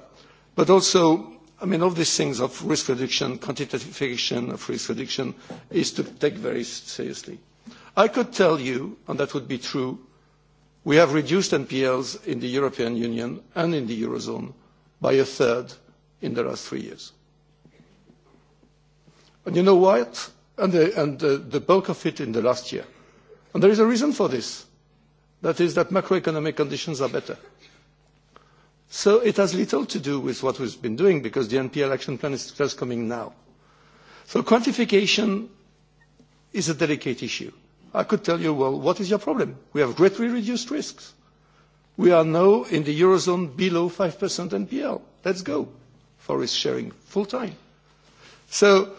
but also, I mean, all these things of risk reduction, quantification of risk reduction is to take very seriously. I could tell you, and that would be true, we have reduced NPLs in the European Union and in the Eurozone by a third in the last three years. You know what? The bulk of it in the last year. There is a reason for this. That is that macroeconomic conditions are better. It has little to do with what we've been doing because the NPL action plan is just coming now. Quantification is a delicate issue. I could tell you, well, what is your problem? We have greatly reduced risks. We are now in the Eurozone below 5% NPL. Let's go for risk sharing full time. So,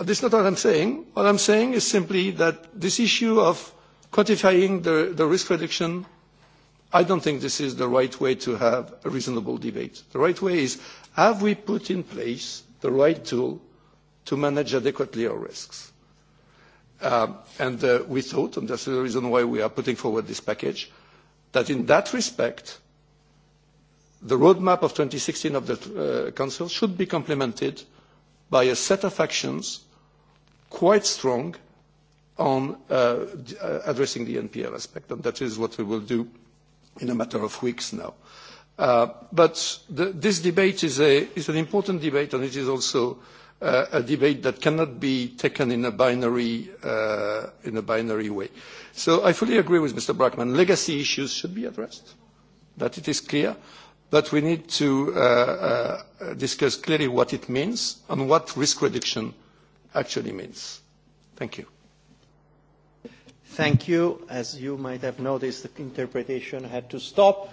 this is not what I'm saying. What I'm saying is simply that this issue of quantifying the, the risk reduction, I don't think this is the right way to have a reasonable debate. The right way is, have we put in place the right tool to manage adequately our risks? Uh, and uh, we thought, and that's the reason why we are putting forward this package, that in that respect, the roadmap of 2016 of the uh, council should be complemented by a set of actions quite strong on addressing the NPL aspect, and that is what we will do in a matter of weeks now. But this debate is an important debate, and it is also uh, a debate that cannot be taken in a binary uh, in a binary way. So I fully agree with Mr. Brackman. Legacy issues should be addressed. That it is clear. But we need to uh, uh, discuss clearly what it means and what risk reduction actually means. Thank you. Thank you. As you might have noticed, the interpretation had to stop